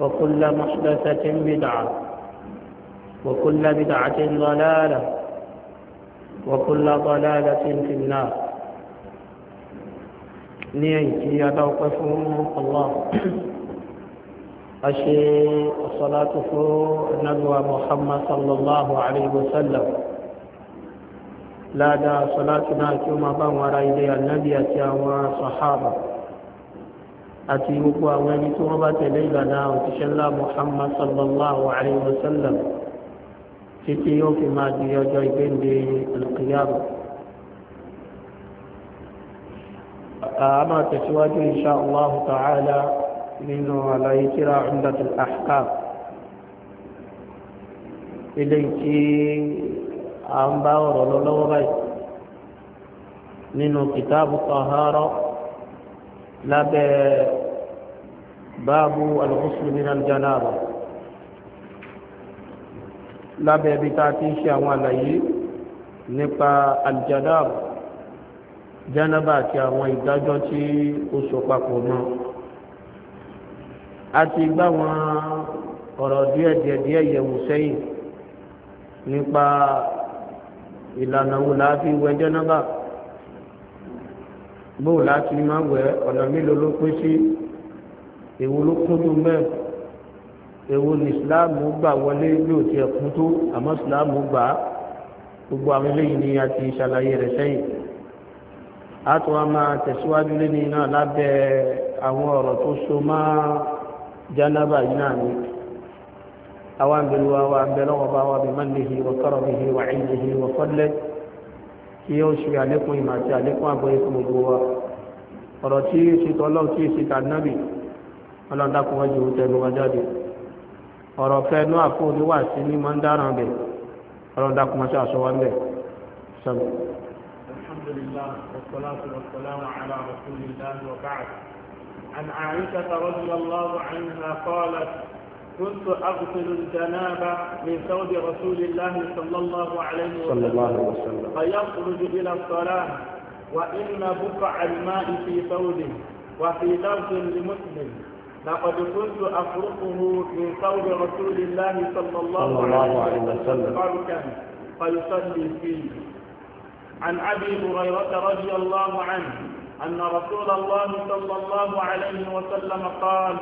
وكل محدثة بدعة وكل بدعة ضلالة وكل ضلالة في النار نيتي يتوقفون الله أشي الصلاة فوق ندوى محمد صلى الله عليه وسلم لا دا صلاتنا كما بان وراء النبي يا صحابه àti gbogbo àwọn ẹni tí wọ́n bá tẹ̀lé ìlànà òṣìṣẹ́ ńlá Muhammad sallallahu alayhi wa sallam títí yóò fi máa di ọjọ́ ìgbéǹde alùkìyàmù. a máa tẹ̀síwájú insha Allah ta'ala nínú àlàyé tírà Umdatul Ahkam ilé tí a ń bá ọ̀rọ̀ lọ́wọ́ báyìí nínú kìtàbù Tahara lábẹ́ باب الغسل من الجنابة lábẹ́ ibi tá a ti ń ṣe àwọn àlàyé nípa aljanab janaba àti àwọn ìdájọ́ tí ó so papọ̀ mọ́ a ti gbá wọn ọ̀rọ̀ díẹ̀díẹ̀díẹ̀ yẹ̀wò sẹ́yìn nípa ìlànà wo la fi wẹ̀ janaba bóò láti máa wẹ̀ ọ̀nà mélòó ló pín sí èwo ló kún tó mẹ́ èwo ní ìsìláàmù gbà wọlé bí ò tiẹ̀ kún tó àmọ́ ìsìláàmù gbà gbogbo àwọn eléyìí ni a ti ṣàlàyé rẹ̀ sẹ́yìn a tún wá máa tẹ̀síwájú lẹ́ni náà lábẹ́ àwọn ọ̀rọ̀ tó so mọ́ jánábà yìí náà ni àwọn àgbẹ̀lú wa wa àgbẹ̀lú wọn bá wa bí mọ́lẹ́hì wọ kọ́rọ̀bìhì wọ ẹ̀yìnlẹ́hì wọ fọ́lẹ́ kí ó ṣe àlékún ìmọ̀ àti àlékún àgbọ̀yé gbogbo wa ọ̀rọ̀ tí ó ṣe tí ó ṣe ọlọ́dàkùn wọn jù ú tẹnu wọn jáde ọ̀rọ̀ fẹ́nu àfọ oníwàásí ní máa ń dáràn bẹ̀ ọlọ́dàkùn wọn ṣe àṣọ wọn bẹ̀ sọ́nù. alhamdulillah wasalaatu wasalaamu ala rasulillah wa ba'd an aisha radiyallahu anha qalat كنت أغسل الجنابة من ثوب رسول الله صلى الله عليه وسلم فيخرج إلى الصلاة وإن بقع الماء في ثوبه وفي لفظ لمسلم لقد كنت أفرقه في ثوب رسول الله صلى الله, الله عليه وسلم فركا فيصلي فيه عن أبي هريرة رضي الله عنه أن رسول الله صلى الله عليه وسلم قال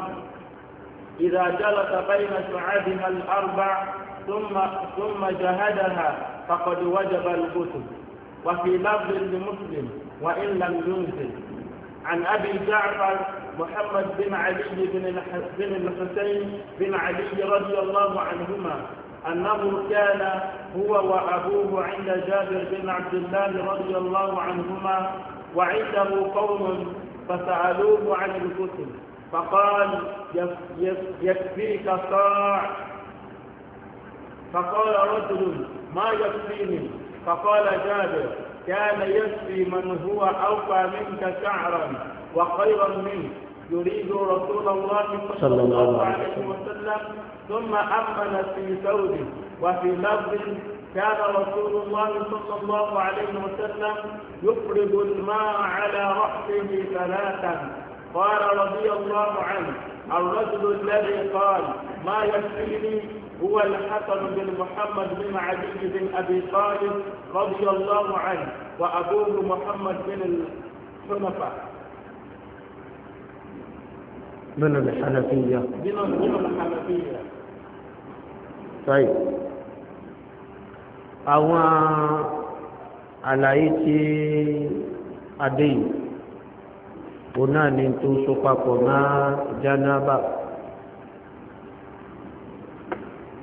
إذا جلس بين شعابها الأربع ثم ثم جهدها فقد وجب الغسل وفي لفظ لمسلم وإن لم ينزل عن أبي جعفر محمد بن علي بن بن الحسين بن علي رضي الله عنهما أنه كان هو وأبوه عند جابر بن عبد الله رضي الله عنهما وعنده قوم فسألوه عن الكتب فقال يكفيك صاع فقال رجل ما يكفيني فقال جابر كان يكفي من هو أوفى منك شعرا وخيرا منك يريد رسول الله صلى الله عليه وسلم ثم أمن في ثوب وفي لفظ كان رسول الله صلى الله عليه وسلم يفرض الماء على رأسه ثلاثا قال رضي الله عنه الرجل الذي قال ما يكفيني هو الحسن بن محمد بن علي بن أبي طالب رضي الله عنه وأبوه محمد بن الحنفاء بن الحنفية بن الحنفية طيب àwọn àlàyé tí adé yìí òun náà ni tó so papọ̀ náà jánábà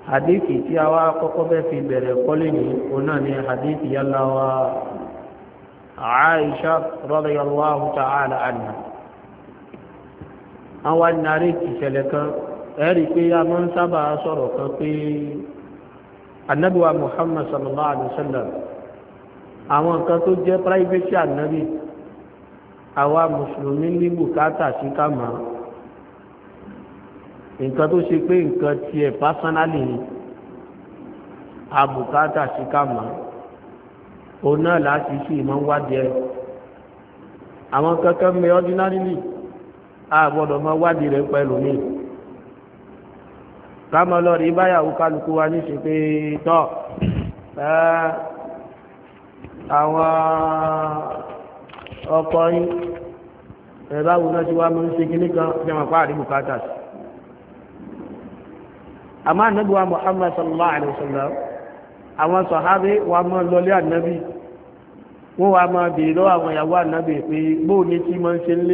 hadithi tí a wá kọ́kọ́ bẹ́ fi bẹ̀rẹ̀ kọ́lé ní òun náà ni hadithi yálà wa Aisha radiyallahu ta'ala anha àwọn adìnarí ìṣẹ̀lẹ̀ kan ẹ̀rí pé a máa ń sábà sọ̀rọ̀ kan pé ànábì wa Muhammad sallallahu alaihi wasallam àwọn nǹkan tó jẹ́ private ànábì àwa mùsùlùmí ní bùkátà sí ká mọ̀ nǹkan tó ṣe pé nǹkan tiẹ̀ pásánálì ni àbùkátà sí ká òun náà láti sí ìmọ̀ wádìí ẹ̀ àwọn kankan mẹ́ ordinarily a gbọ́dọ̀ mọ wádìí rẹ̀ pẹ̀lú mi kámọ́ lọ́rí báyàwó kálukú wa ní ṣe pé tọ́ àwọn ọkọ yín ẹ̀báwo náà ti wá mọ́ ń ṣe kí nìkan jẹ́mọ̀ pàdé bùkátà sí àmọ́ ànábì Muhammad sallallahu alaihi wasallam àwọn sọ̀hábé wa mọ́ lọlé ànábì wọ́n wa mọ́ bèèrè lọ́wọ́ àwọn ìyàwó ànábì pé bóò ní tí mọ́ ń ṣe ń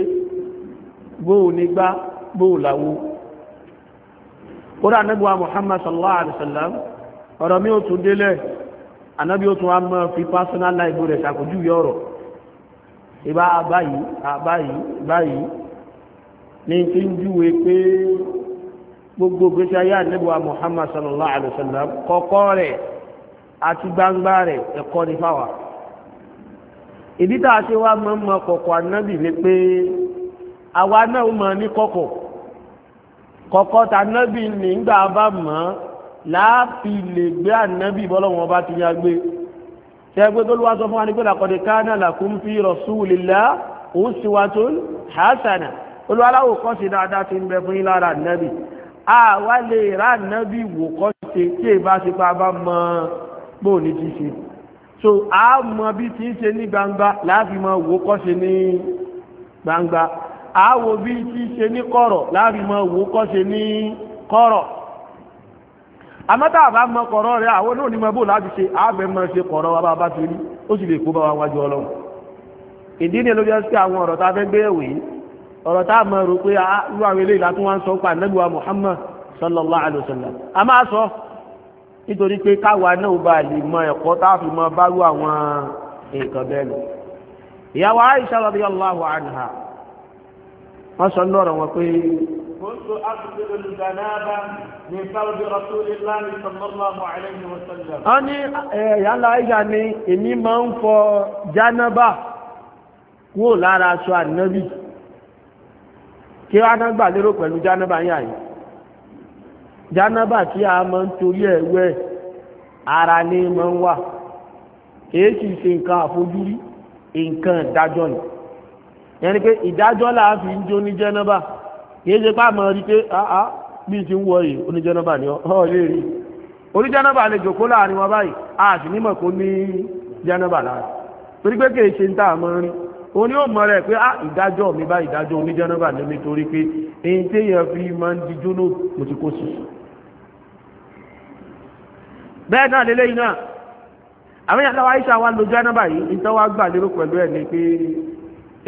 bóò ní lawo kódà anábíwá Muhammad sallallahu alaihi ọrọ ọ̀rọ̀ mi ò tún délẹ̀ anábí ó tún mọ́ fi personal life rẹ̀ ṣàkójúwé ọ̀rọ̀ ìbá báyìí báyìí báyìí ní tí gbogbo gbèsè ayé anábíwá Muhammad sallallahu alaihi wasallam rẹ̀ àti gbangba rẹ̀ ẹ̀kọ́ ní fáwà a ṣe wá mọ́ mọ́ àwa náà mọ̀ ní kọ̀kọ̀ kọ̀kọ̀ tànábì nígbà bá mọ̀ láàfi lè gbé ànábì bọ́lọ́wọ́n bá ti yá gbé tẹ́gbẹ́ tó lúwá sọ fún wa ní pé làkọ̀dé kánà lakum fi rasulillahi uswatun hasana olúwaláwò kọ́ sí dáadáa ti ń bẹ fún yín lára ànábì àwa lè rà ànábì wò kọ́ ṣe tí èbá ti pa bá mọ bóòní ti ṣe so a mọ bí ti ń ṣe ní gbangba láàfin mọ wò kọ́ ṣe ní gbangba àáwò bí tí ṣe ní òwò kọ́ ṣe ní kọ̀rọ̀ rẹ̀ àwọn náà ní mọ́ láti ṣe mọ́ ṣe kọ̀rọ̀ wa bá ti rí ó sì lè kó bá wájú ọlọ́run a a ah, Muhammad wa sọ nítorí pé káwa náà bá lè mọ ẹ̀kọ́ a fi mọ àwọn nǹkan ìyàwó Aisha radiyallahu anha wọ́n sọ lọ́rọ̀ wọn pé. kóńtò àbùkù olùdánáàbá ní rasulillahi sallallahu alayhi wa sallam. wọ́n ya ẹ̀yà láyà ni èmi máa ń fọ jánábà kúrò lára aṣọ ànábì kí wọ́n gbà lérò pẹ̀lú yà yìí tí a ń torí ara ni ma ń wà kì í sì ṣe nǹkan àfojúrí nǹkan yẹn ni pé ìdájọ́ láàfin ń jó ní jẹ́nàbà kì í ṣe pá mọ̀ rí pé àá ah, ah, bí ti ń wọ yìí oníjẹ́nàbà ni ọ́ lè rí oníjẹ́nàbà lè jòkó láàrin wọn báyìí a sì nímọ̀ kó ní jẹ́nàbà láàrin torí pé kì ṣe ń tà mọ́ rí o ní ó mọ̀ rẹ̀ pé ah ìdájọ́ mi bá ìdájọ́ oníjẹ́nàbà ní mi torí pé èyí téèyàn fi máa ń di jóná mo ti kó sí i bẹ́ẹ̀ náà lélẹ́yìn náà àwọn ìyàtọ̀ wa iṣẹ́ wa lo jẹ́nàbà yìí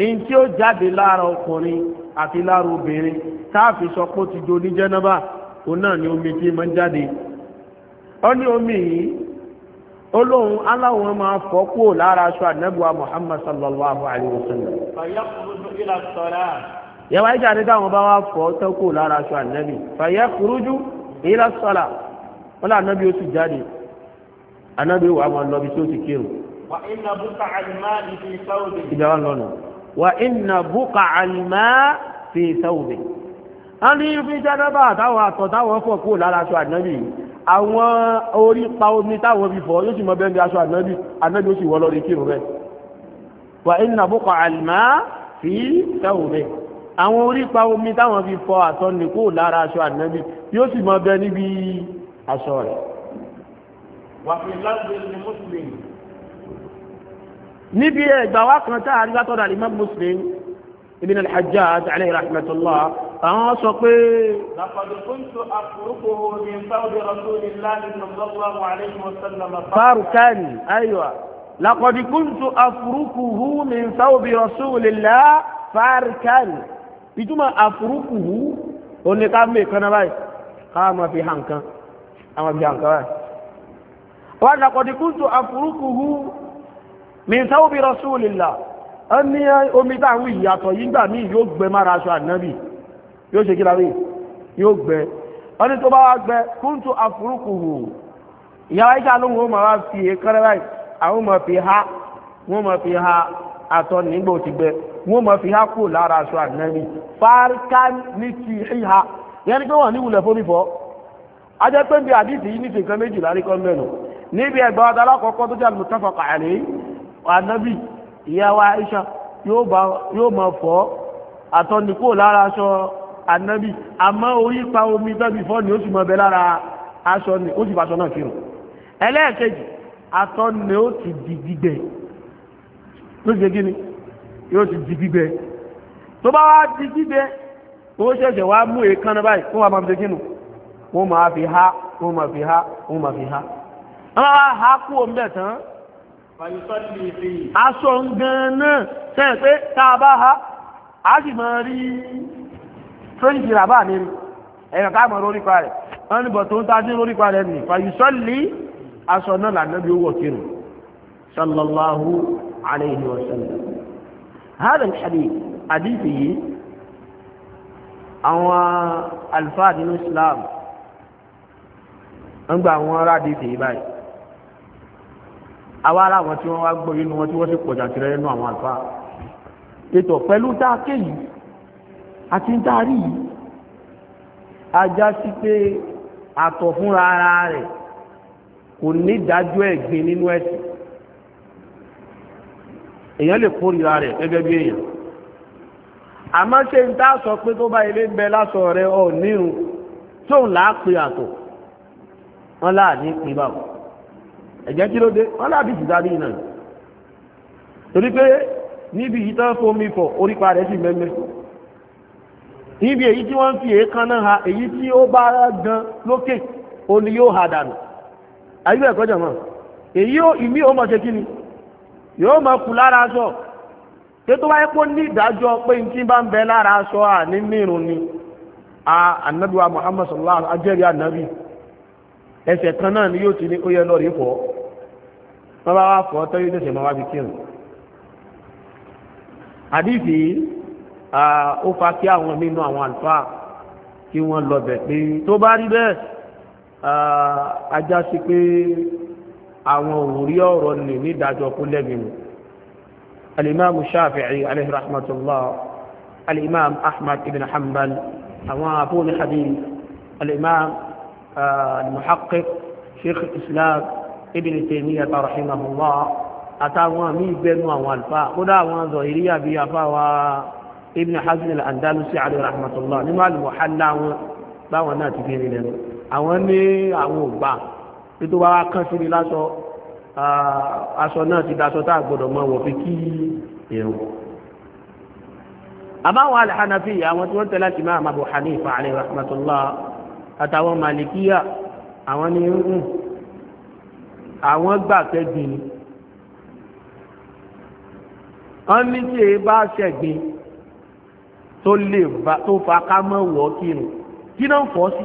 in tí ó jáde lára ọkùnrin àti lára obìnrin táàfin sọ pé ó ti do oníjẹ́nàbà òun náà ni omi tí máa ń jáde ó ní omi yìí olóhùn aláwọn máa fọ́ kúrò lára aṣọ ànábùwà Muhammad sallallahu alayhi wa sallam. yẹ́wà ìjà ni táwọn bá wá fọ́ tán lára aṣọ ànábì fàyẹ́ kúrújú ila sọ́là wọ́n lé ànábì ó sì jáde ànábì wà á máa lọ bí tí ó ti kírun. wà á iná bùkà àlùmáàlì fi sáwọ́dì. ìjà wa lọ́nà wa inna buka alima fi sawbe a ní fi jẹ́nàbà táwọn àtọ̀ táwọn fọ̀ kó lára aṣọ ànábì àwọn orí pa omi táwọn fi fọ̀ yóò sì mọ bẹ́ẹ̀ aṣọ ànábì ànábì ó sì wọ́ lọ́rí kírun rẹ̀ wa inna buka alima fi sawbe àwọn orí pa omi táwọn fi fọ̀ àtọ̀ ní kó lára aṣọ ànábì yóò sì mọ bẹ́ẹ̀ níbi aṣọ rẹ̀ wàfi láti ní mùsùlùmí níbi ẹgbà wá kan tá a rí látọ̀dọ̀ àlìmọ́ Muslim ibn al-Hajjaj alayhi rahmatullah àwọn sọ pé. làkàdé kóńtò àkùrùkùhù ní sáwùdí rasulillahi sallallahu alayhi wa sallam. fárukani ayiwa làkàdé kóńtò àkùrùkùhù ní sáwùdí rasulillahi fárukani ìtumọ̀ àkùrùkùhù ó ní ká mú ìkànnà báyìí ká máa hàn kan àwọn fi hàn kan báyìí. wọ́n làkàdé kóńtò min tawbi rasulillah E ni omi táwọn ìyàtọ̀ yìí gbà míì yóò gbẹ mára aṣọ ànábì yóò ṣe yo gbe gbẹ to ní tó bá gbẹ kúntù fi èékánná àwọn ọmọ fi ha wọ́n fi ha àtọ̀ nígbà tí gbẹ wọ́n fi ha kú lara aṣọ annabi fárikán ní ti híha ni pé wọ́n ní wulẹ̀ fórífọ́ ajẹ́ pé bí àdìsí yìí ní nǹkan méjìlá tó jẹ́ àlùmọ́tàfà anábì ìyá wa Aisha yóò máa fọ́ àtọ́nikó lára aṣọ anábì àmọ́ orí pa omi tẹ́bí fọ́ ni ó sì máa bẹ lára aṣọ ni ó sì bá aṣọ náà kírun ẹlẹ́ẹ̀kejì atọ́ ni ó ti di gbígbẹ ló ṣe wọ́n máa fi há wọ́n máa fi há wọ́n máa há kú omi bẹ̀ tán aṣọ gan náà sẹ́yìn pé tá a bá ha a sì máa rí tróníkì ràbá mi rí ẹ̀yàn ká mọ̀ lórí pa rẹ̀ wọ́n ní bọ̀ tó ń tajú lórí pa rẹ̀ nì fàyùsọ́lì aṣọ náà lànà bí kírù sallallahu alayhi wa sallam àwa ara àwọn tí wọ́n wá gbọ́ inú wọn tí wọ́n sì pọ̀ jàǹtìrẹ́ nínú àwọn àlùfáà ètò pẹ̀lú tá a ké yìí àti ń tá a rí yìí ajá sí pé àtọ̀ fúnra ara rẹ̀ kò ní ìdájọ́ ẹ̀gbin nínú ẹ̀sìn èèyàn lè kórìíra rẹ̀ gẹ́gẹ́ bí èèyàn àmọ́ ṣe ń tá sọ pé tó bá ilé ń bẹ lásọ rẹ̀ ọ̀ nírun tóun là pe àtọ̀ wọn láà ní pín báwọn. ẹ̀jẹ̀ kí ló dé wọ́n láàbí Tori náà torí pé níbi yìí tán fomi fọ̀ orípa rẹ̀ sì mẹ́mẹ́ níbi èyí tí wọ́n fi èékan náà ha èyí tí ó bá gan lókè ó ní yóò ha dànù ayé ẹ̀kọ́ jọ̀mọ́ èyí ìmí ò mọ̀ ṣe kí ni yóò mọ̀ kù lára aṣọ pé tó báyé pọ́ ní ìdájọ́ pé n tí bá ń bẹ lára aṣọ ni a annabi wa muhammad sallallahu alaihi wa sallam ẹsẹ̀ kan náà ni yóò ti ní ó yẹ lọ́rí fọ́ wọ́n bá wá fọ́ tọ́jú ní ìṣẹ̀mọ́ wá fi kírun àdìsí ó fa kí àwọn nínú àwọn àlùfáà kí wọ́n lọ bẹ̀ pé tó bá rí bẹ́ẹ̀ ajá sí pé àwọn òwúrí ọ̀rọ̀ nì nídàájọ́ kó lẹ́bi mu alimami shafi'i alayhi rahmatullah alimami ahmad ibn hanbal àwọn àbúrò alimami المحقق شيخ الإسلام ابن تيمية رحمه الله àtàwọn míì bẹnu àwọn àlùfà kódà àwọn zọ̀hìríyà bíi àfáwà ibn hazm al-andalusi alayhi rahmatullah nínú àlùmọ̀hálà wọn báwọn náà ti fi rìn lẹ́nu àwọn ní àwọn ògbà títí wá kán sí ni lásọ aṣọ náà ti daṣọ tá a gbọdọ̀ mọ wọ̀ fi kí èrò. àbáwọn al-hanafi àwọn tí wọ́n tẹ̀lé àti máa Abu Hanifa alayhi rahmatullah àtàwọn màlìkíyà àwọn ní ń àwọn gbà kẹ́gbìn ni wọ́n ní tí èyí bá ṣẹ̀gbìn tó lè tó fa ká mọ́ wọ́ kírun kí náà fọ́ sí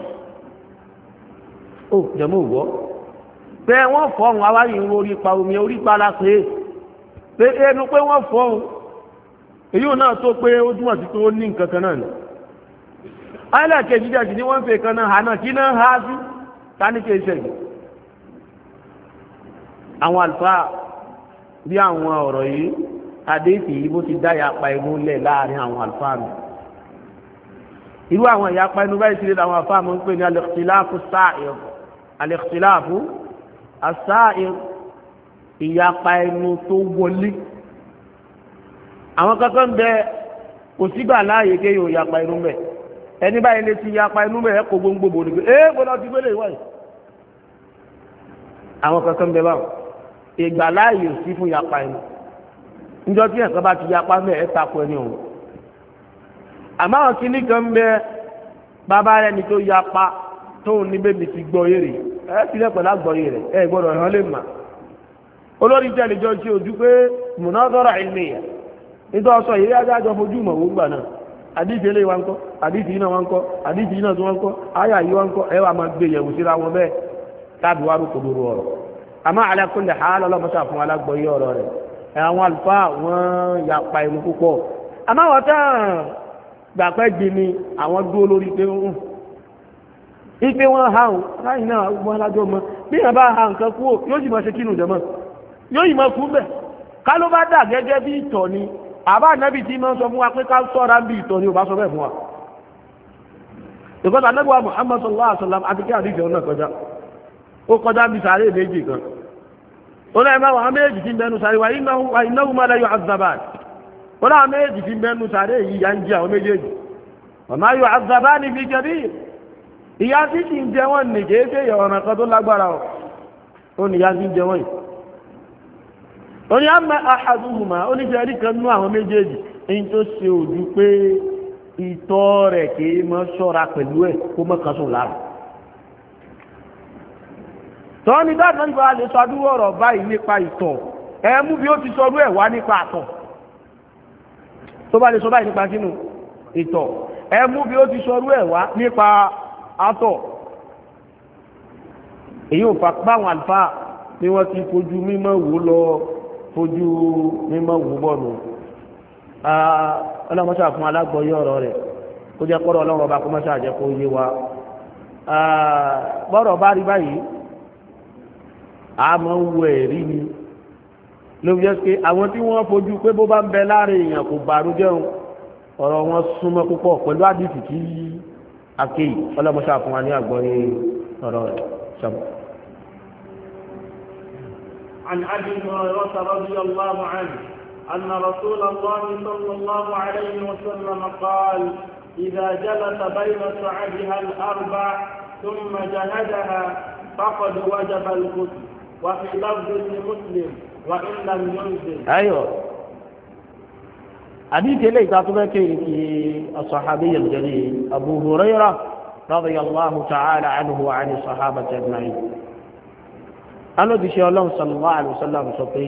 ó jẹ́mú wọ́ pé wọ́n fọ́ òun awáyé ń orí pa omi orí pa pé pé ẹnu pé wọ́n fọ́ òun èyí náà tó pé ó túmọ̀ sí pé ó ní nǹkan kan náà ni alákejì dẹ̀ sì ni wọ́n ń fẹ́ kan náà hànà kí náà há sí táníkè ìṣẹ̀lẹ̀ àwọn àlùfáà bí àwọn ọ̀rọ̀ yìí àdéhìsì yìí bó ti dá ìyapa inú lẹ̀ láàrin àwọn àlùfáà mi irú àwọn ìyapa inú báyìí sílẹ̀ làwọn àlùfáà mi ń pè ní al-ikhtilafu as-sa'ir ìyapa inú tó wọlé àwọn kankan bẹ kò sígbà láàyè kéèyàn ìyapa inú bẹ́ẹ̀. ẹni báyìí lè ti yapa inú mẹ́rẹ̀ kó gbogbo bò pé ee gbọ́dọ̀ ti gbélé ìwọ̀ àwọn kankan bẹ báwọn ìgbà láàyè sí fún yapa ẹni níjọ tí ẹ̀kan bá ti yapa ẹni ọ̀hún àmọ́ àwọn kìíní kan bẹ bàbá rẹ ni tó yapa tóun níbẹ̀ mi ti gbọ́ yèrè ẹ ti lẹ́pẹ̀ lágbọ́ yèrè ẹ gbọ́dọ̀ ẹ̀hán lè mà àdíjì ilé wa ń kọ́ àdíjì iná wa ń kọ́ àdíjì iná tó wa ń kọ́ ayà yìí wa ń kọ́ ẹ wà máa gbé yẹ̀wò síra wọn bẹ́ẹ̀ tábí wá rúkọ lóru ọ̀rọ̀ àmọ́ ala kulli hal ọlọ́mọta fún alágbọ̀yé ọ̀rọ̀ rẹ̀ àwọn àlùfáà wọ́n ya pa ìlú púpọ̀ àmọ́ àwọn táà gbàpẹ́ jì ni àwọn dúró lórí pé ń ipe wọn ha ọ láì náà gbọ́n alájọ́ mọ́ bí ìyàn bá ha nǹkan kú yóò sì máa ṣe kínú jẹ mọ́ yóò yìí máa kú bẹ̀ ká ló bá dà gẹ́gẹ́ bí ìtọ̀ ni àbá ànábì tí máa ń sọ fún wa pé ká sọ́ra ń bí ìtọ̀ ni ò bá sọ bẹ́ẹ̀ fún wa ìkọ́ta anábì wa Muhammad sallallahu alaihi wasallam àti kí àdìsẹ́ ọ̀nà kọjá ó kọjá bí sàárè méjì kan ó náà máa wà méjì tí ń bẹnu sàárè wa ináwó máa láyọ̀ azabad ó náà méjì tí ń bẹnu sàárè yìí yá ń jẹ àwọn méjèèjì màmá yọ azabad ní fi bí ìyá tí kì í jẹ wọn nìkéé ṣe ìyọ̀ràn kan tó lágbára ò oní àmà àhàdùnmùmá ó ní ṣe rí kan nú àwọn méjèèjì èyí tó ṣe òjú pé ìtọ́ rẹ̀ kì í mọ́ ṣọ́ra pẹ̀lú ẹ̀ kó mọ́ kan tọ́ ni dáadáa nípa lè sọ adúrú ọ̀rọ̀ báyìí nípa ìtọ̀ ẹ mú bí ó ti sọ ọdún ẹ̀ wá ni wọ́n ti fojú mímọ́ wò lọ fojú mímọ́ wù bọ́ọ̀lù ọlọ́mọṣà fún alágbọ̀yé ọ̀rọ̀ rẹ̀ kó jẹ́ kọ́rọ̀ ọlọ́run ọba kó mọ́ṣà jẹ́ kó yé wa bọ́ọ̀rọ̀ bá rí báyìí a máa ń wo ẹ̀rí ni ló fi jẹ́ pé àwọn tí wọ́n fojú pé bó bá ń bẹ láàrin èèyàn kò bàrú jẹun ọ̀rọ̀ wọn súnmọ́ púpọ̀ pẹ̀lú àdìsí kí akéyì ọlọ́mọṣà fún wa ní àgbọ̀yé ọ̀rọ̀ rẹ̀ sọ́mọ́. عن أبي هريرة رضي الله عنه أن رسول الله صلى الله عليه وسلم قال إذا جلس بين صعدها الأربع ثم جلدها فقد وجب الغسل وفي لفظ لمسلم وإن لم ينزل أيوه حديث إليه تعطبك الصحابي الجليل أبو هريرة رضي الله تعالى عنه وعن الصحابة أجمعين alóbìṣẹ́ ọlọ́run sọlọ́wọ́ àlùsọ́lọ́run sọ pé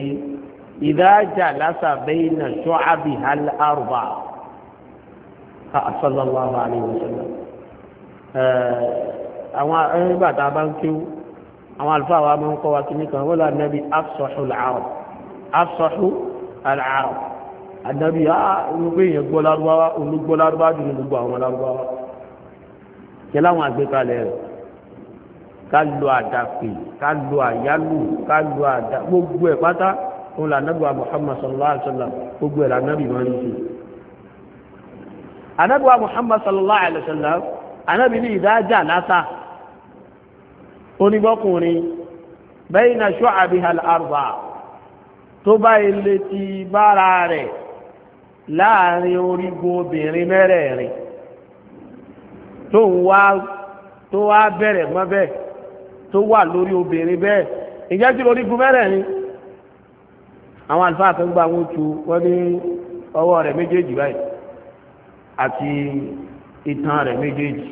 ìdájà lásà bẹ́ẹ̀ nà ṣọ́ àbí àrùbá sọlọ́wọ́ àlùsọ́lọ́ àwọn ẹgbẹ́ àti abáńkíw àwọn àlùfáà wa máa ń kọ́ wa kí nìkan wọ́n lọ ànábì afṣọ́ṣù làárọ̀ afṣọ́ṣù làárọ̀ ànábì olùgbé ah, yẹn gbọ́ lárúbáwá olùgbọ́ lárúbáwá jù ní gbogbo àwọn lárúbáwá kí láwọn àgbékalẹ̀ rẹ̀ ká lo àdàpè ká lo àyálò ká lo àdà gbogbo ẹ̀ pátá òun lànàbí wa Muhammad sallallahu alaihi wa sallam gbogbo ẹ̀ lànàbí wọn ní ṣe. ànàbí wa Muhammad sallallahu alaihi wa sallam ànàbí ní ìdájà lásà onígbọ́kùnrin bayna shu'abiha al-arba'a tó bá ilé bára rẹ̀ láàrin orígun obìnrin mẹ́rẹ̀ẹ̀rin tó wá bẹ̀rẹ̀ mọ́ bẹ́ẹ̀ tó wà lórí obìnrin bẹ́ẹ̀ ìjẹ́ tí lórí gun mẹ́rẹ̀ ni àwọn àlùfáà tó ń gba àwọn oṣù wọ́n ní ọwọ́ rẹ̀ méjèèjì báyìí àti ìtàn rẹ̀ méjèèjì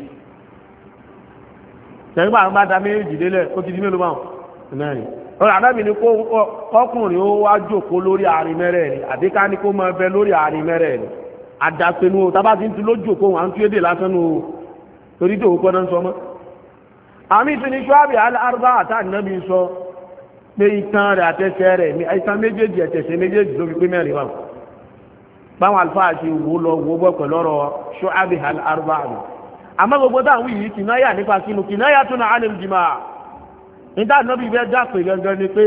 sẹ́gbà àwọn bàtà méjèèjì délẹ̀ ó ti di mélòó báwọn mẹ́rin ọ̀rọ̀ àdábì ni kọkùnrin ó wá jókòó lórí àárín mẹ́rẹ̀ ni àbí ká ní kó máa bẹ lórí àárín mẹ́rẹ̀ ni àdàpẹ̀nu tábà ti ń tu lójú òkú wọn à ń tú édè lásán nù torí tó kọ́ náà ń sọ mọ́ àmì ìtúni kíwábì alárúbá àtànàbí sọ pé ìtàn rẹ̀ àtẹ́sẹ̀ rẹ̀ ní àìsàn méjèèjì ẹ̀tẹ̀sẹ̀ méjèèjì ló fi pé mẹ́rin wà báwọn alfáà ti wò lọ wò bọ́ pẹ̀lú ọ̀rọ̀ ṣọ́ábì alárúbá rẹ̀ àmọ́ gbogbo táwọn yìí kìnnáyà nípa sínú kìnnáyà tún náà ánìm jìmá níta ànábì bẹ́ẹ̀ jápè gangan ni pé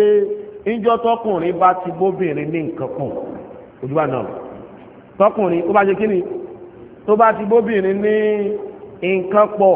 ìjọ tọkùnrin bá ti bóbìnrin ní nǹkan kan bá ti bóbìnrin ní nǹkan pọ̀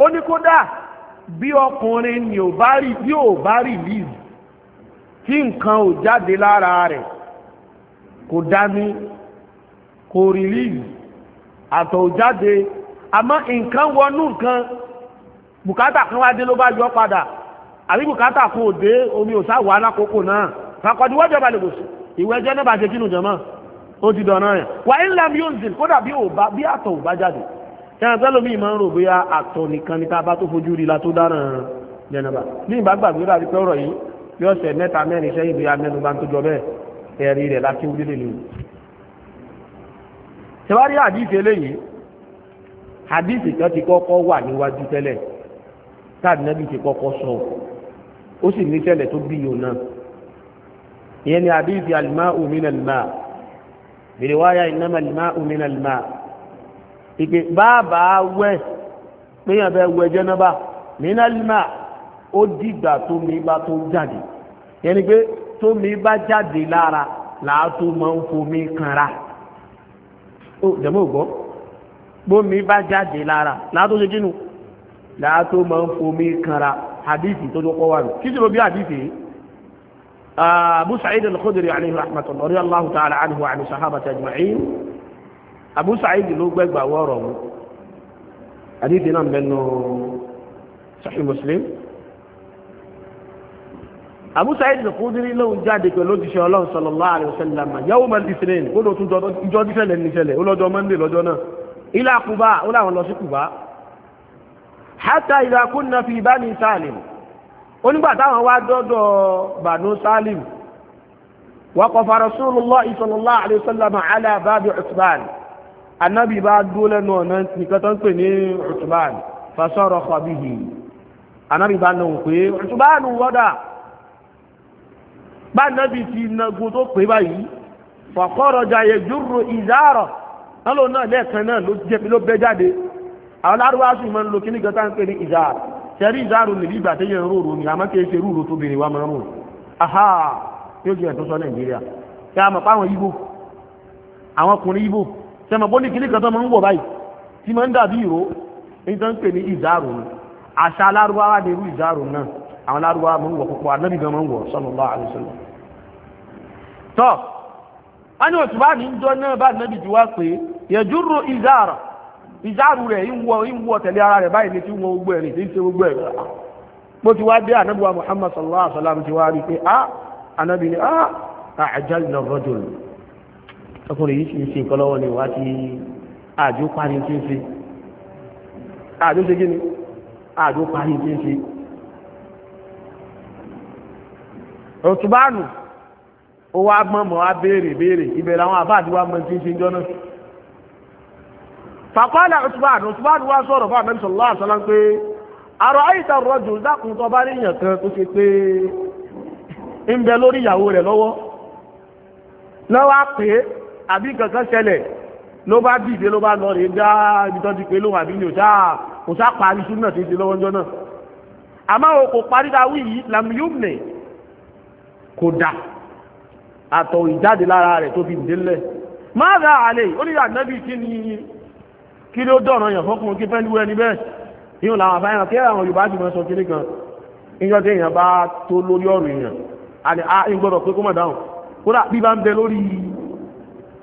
ó ní kódà bí ọkùnrin ni ò bá rí bí ò bá rí tí nǹkan ò jáde lára rẹ̀ kò dání kò rí àtọ̀ ò jáde àmọ́ nǹkan wọnú nǹkan bùkátà kan wá dé ló yọ padà àbí bùkátà kan ò dé omi ò sáwọ alákòókò náà kàkọ́dí wọ́n jọba kò sí ìwé ẹjẹ́ náà bá ṣe kínú jọmọ́ ó ti dọ̀nà yẹn wà ń jáde ṣáà tẹ́lómi ìmọ̀ ń rò bóyá àtọ̀ nìkan ni ká bá tó fojú rí la tó dára jẹnaba ní ìbá gbàgbé rà wípé ọ̀rọ̀ yìí bí ọ̀sẹ̀ mẹ́ta mẹ́rin sẹ́yìn bóyá mẹ́nu bá ń tó jọ bẹ́ẹ̀ ẹ̀rí rẹ̀ láti wúlé lè lò. ṣèwárí àdìsí eléyìí àdìsí kan ti kọ́kọ́ wà níwájú tẹ́lẹ̀ táàdì náà bí ti kọ́kọ́ sọ ó sì ní ṣẹlẹ̀ tó bí yòó náà ìyẹn ni àdìsí al-ma'u min al ìpè bàbá wẹ̀ péyàn fẹ́ wẹ̀ jẹ́nàbà mínálímà ó dìgbà tó mi bá tó jáde yẹn ni pé tó mi bá jáde lára làátó máa ń fomi kanra ó jẹ́mọ́ ògbọ́ bómi bá jáde lára làátó ṣe kínú làátó máa ń fomi kanra hadithi tó tó kọ́ wa rò kí sì ló bí hadithi yìí. Ah, Abu Sa'id al-Khudri alayhi rahmatullah radiyallahu ta'ala anhu wa 'an sahaba ajma'in Abu Sa'id ló gbẹ́gbà wọ́ọ̀rọ̀ mu àdìsí náà mẹ́nu Sahih Muslim Abu Sa'id al-Khudri lóun jáde pẹ̀lú òjíṣẹ́ Ọlọ́run sallallahu alaihi wasallam yawma al-ithnain kó ló tún jọ dísẹ̀lẹ̀ níṣẹ̀lẹ̀ ó lọ́jọ́ Monday lọ́jọ́ náà ilé Kùbá ó láwọn lọ sí Kùbá hatta idha kunna fi Bani Salim onígbà táwọn wá dọ́dọ̀ Banu Salim wa qafa Rasulullah sallallahu alaihi wasallam ala babi Uthman anábì bá dúó lẹ́nu ọ̀nà nìkan tó ń pè ní Uthman fasarakha bihi anábì bá náà pé Uthman wọ́dà bá nábì ti nago tó pé báyìí fa kharaja yajurru izara náà lòun náà lẹ́ẹ̀kan náà ló jẹ́ ló bẹ́ jáde àwọn lárúbá sì máa ń lo kíní kan tá ń pè ní izara sẹ́rí ìzárò nìbí ìgbà tẹ́yẹ rúrù ní àmọ́ kí ṣe rúrù tó bèèrè wa mọ́rún rùn àhá yóò jẹ́ ẹ̀tọ́ sọ nàìjíríà tí a mọ̀ páwọn Ìgbò àwọn ọkùnrin Ìgbò sẹ́mọ̀ bó ní kìíní kan tó máa ń wọ̀ báyìí tí máa ń dàbí ìró èyí tó ń pè ní ìzáàrò ni àṣà alárúbáwá ni irú ìzáàrò náà àwọn alárúbáwá máa ń wọ̀ púpọ̀ anábì gan máa ń wọ̀ sallallahu alaihi wasallam tọ́ a ní òtún bá ní jọ náà bá nábì ti wá pé yẹjúrò ìzáàrà ìzáàrò rẹ̀ ń wọ tẹ̀lé ara rẹ̀ báyìí ní tí wọ́n gbogbo ẹ̀ ní tí ń ṣe gbogbo ẹ̀ mo ti wá dé anábìwá Muhammad sallallahu alaihi wasallam ti wá rí pé ah anábì ni ah àjálù náà rọ́jò lò ọkùnrin yìí sì ń ṣe nǹkan lọ́wọ́ ni wá ti àjò parí tí ń ṣe àjò ṣe kí ni àjò parí tí ń ṣe òtúbánù ó wá gbọ́nmọ̀ wá béèrè béèrè ìbẹ̀rẹ̀ àwọn àbá àdúrà mọ́ tí ń ṣe jọ náà fàkọ́lá òtúbánù òtúbánù wá sọ̀rọ̀ fún àmẹ́sọ̀ lọ́wọ́ àṣọlá pé àrọ̀ àyíká rọ̀jò dákùn bá níyàn kan tó ṣe pé ń bẹ lórí ìyàwó rẹ̀ lọ́wọ́ lọ́wọ́ pé àbí kankan ṣẹlẹ̀ ló bá dìde ló bá lọ rè dá ibi tó ti pé lóhùn àbí ní òṣà kò sá parí súnà tí ń ṣe lọ́wọ́njọ́ náà àmọ́ o kò parí ta wí yìí làmúyùmùnì kò dà àtọ̀ ìjáde lára rẹ̀ tó fi délẹ̀ máa ra àlè ó ní ànábì kí ni kí ló dọ̀nà yàn fọ́kùnrin kí fẹ́ẹ́ lú ẹni yíò làwọn àfáyàn kí àwọn Yorùbá jùmọ̀ sọ kiri kan ìjọ tí èèyàn bá tó lórí ọ̀rọ̀ èèyàn àti àìgbọ́dọ̀ pé kó mọ̀ dáhùn kódà bí bá ń bẹ lórí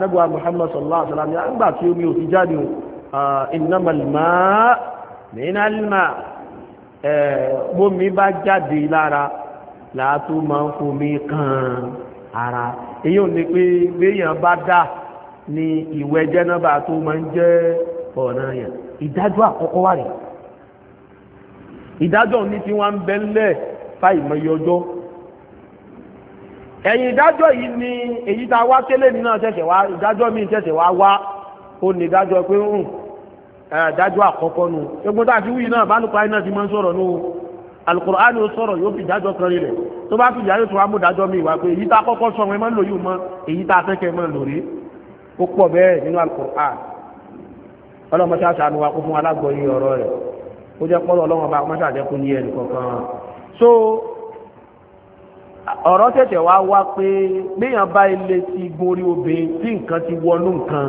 nẹ́gbà muhammad sallallahu alaihi wasallam ya ńgbà tí omi ò ti jáde innamal ma minal ma bómi bá jáde lára látó máa ń fomi kan ara èyí ò ní pé béèyàn bá dà ní ìwẹ̀ jẹ́nàbà tó máa ń jẹ́ ọ̀nà yẹn ìdájọ́ àkọ́kọ́ wà rẹ̀ ìdájọ́ ní tí wọ́n ń bẹ́ńlẹ̀ fáìmọ̀ yọjọ́ ẹ̀yìn ìdájọ́ yìí ni èyí tá wá tẹ́lẹ̀ ní náà ṣẹ̀ṣẹ̀ wá ìdájọ́ míì ṣẹ̀ṣẹ̀ wá wá ó ní ìdájọ́ pé ń hmm, ìdájọ́ àkọ́kọ́ nu egun tá a fi wúyì náà bálùkọ́ ayé náà ti máa ń sọ̀rọ̀ nù alukur'ani ó sọ̀rọ̀ yóò fi ìdájọ́ kan rí rẹ̀ tó bá fi ìyá yóò tún wá mú ìdájọ́ míì wá pé èyí tá kọ́kọ́ sọ wọn ẹ má lò yìí mọ èyí tá a fẹ́ lò rí ó pọ̀ bẹ́ẹ̀ nínú alukur'ani ọlọ́mọ ṣáà so ọ̀rọ̀ tẹ̀tẹ̀ wá wá pé gbéyàn bá ilé ti gorí obìnrin tí ti wọnú nǹkan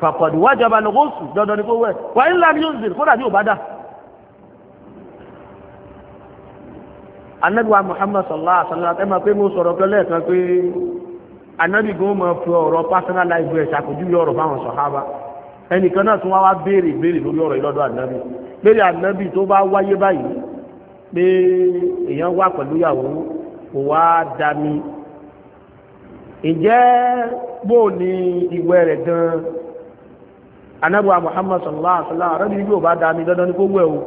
fàkọ̀dù wájọba ní oṣù dandan ní kó wẹ̀ wà ní láàrin yóò zèrè kódà ní Muhammad sallallahu alaihi wasallam ẹ máa pé mo sọ̀rọ̀ kan pé personal life rẹ̀ ṣàpèjúwe ọ̀rọ̀ sọ̀hábà ẹnìkan náà tún wá wá béèrè lórí ọ̀rọ̀ ìlọ́dọ̀ anábì béèrè anábì tó bá pé èèyàn wà pẹ̀lú ìyàwó kò wá dá mi ìjẹ́ bóò ní ìwẹ̀ rẹ̀ gan anábíwá Muhammad sallallahu alaihi wasallam arábìnrin yóò bá dami mi dandan ní kó wẹ̀ o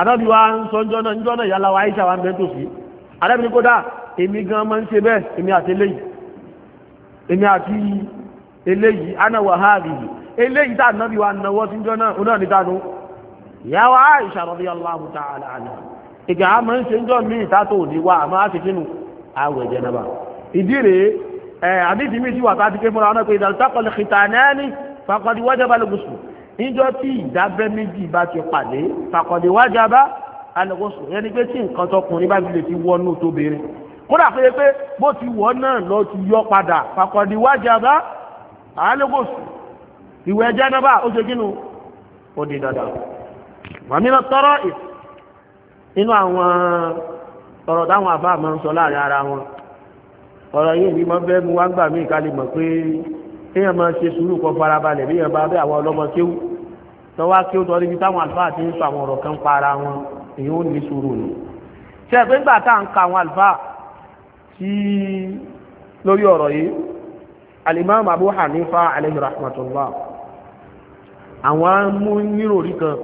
anábíwá ń sọ jọ́nà jọ́nà ìyá aláwa Aisha wa ń bẹ́ tòsí arábìnrin kódà èmi gan máa ń ṣe bẹ́ẹ̀ èmi àti eléyìí èmi àti eléyìí anáwọ̀ háàbì eléyìí tá ànábíwá náwọ́ sí jọ́nà onáà ní tánú ìyá wa Aisha radiyallahu ta'ala anha ìgbà a máa ń ṣe ń jọ mí ìtàtò òní wa àmọ́ a ti kínú àwẹ̀ jẹ náà ìdí rèé ẹ̀ àdídì mi sí wà tá a ti ké fúnra wọn pé ìdàlùtàkọ̀lù khitanani faqad wajaba al-ghusl tí ìdábẹ́ méjì bá ti pàdé faqad ni pé tí nǹkan tọkùnrin bá fi lè ti wọnú tó béèrè kódà pé pé bó ti wọ́ náà lọ ti yọ padà faqad nínú àwọn ọ̀rọ̀ táwọn àfáà máa ń sọ láàrin ara wọn ọ̀rọ̀ yìí ni mo fẹ́ mú wá gbà mí ìkálí mọ̀ pé kéèyàn máa ṣe sùúrù kan farabalẹ̀ bí èèyàn bá bẹ́ àwọn ọlọ́mọ kéwù tọ́wá kí ó tọ́lé ibi táwọn àlùfáà ti ń sọ àwọn ọ̀rọ̀ kan para wọn èyí ó ní sùúrù nù ṣe é pé nígbà tá à ń ka àwọn àlùfáà tí lórí ọ̀rọ̀ yìí alimami abu hanifa alayhi rahmatullah àwọn mú nírò rí kan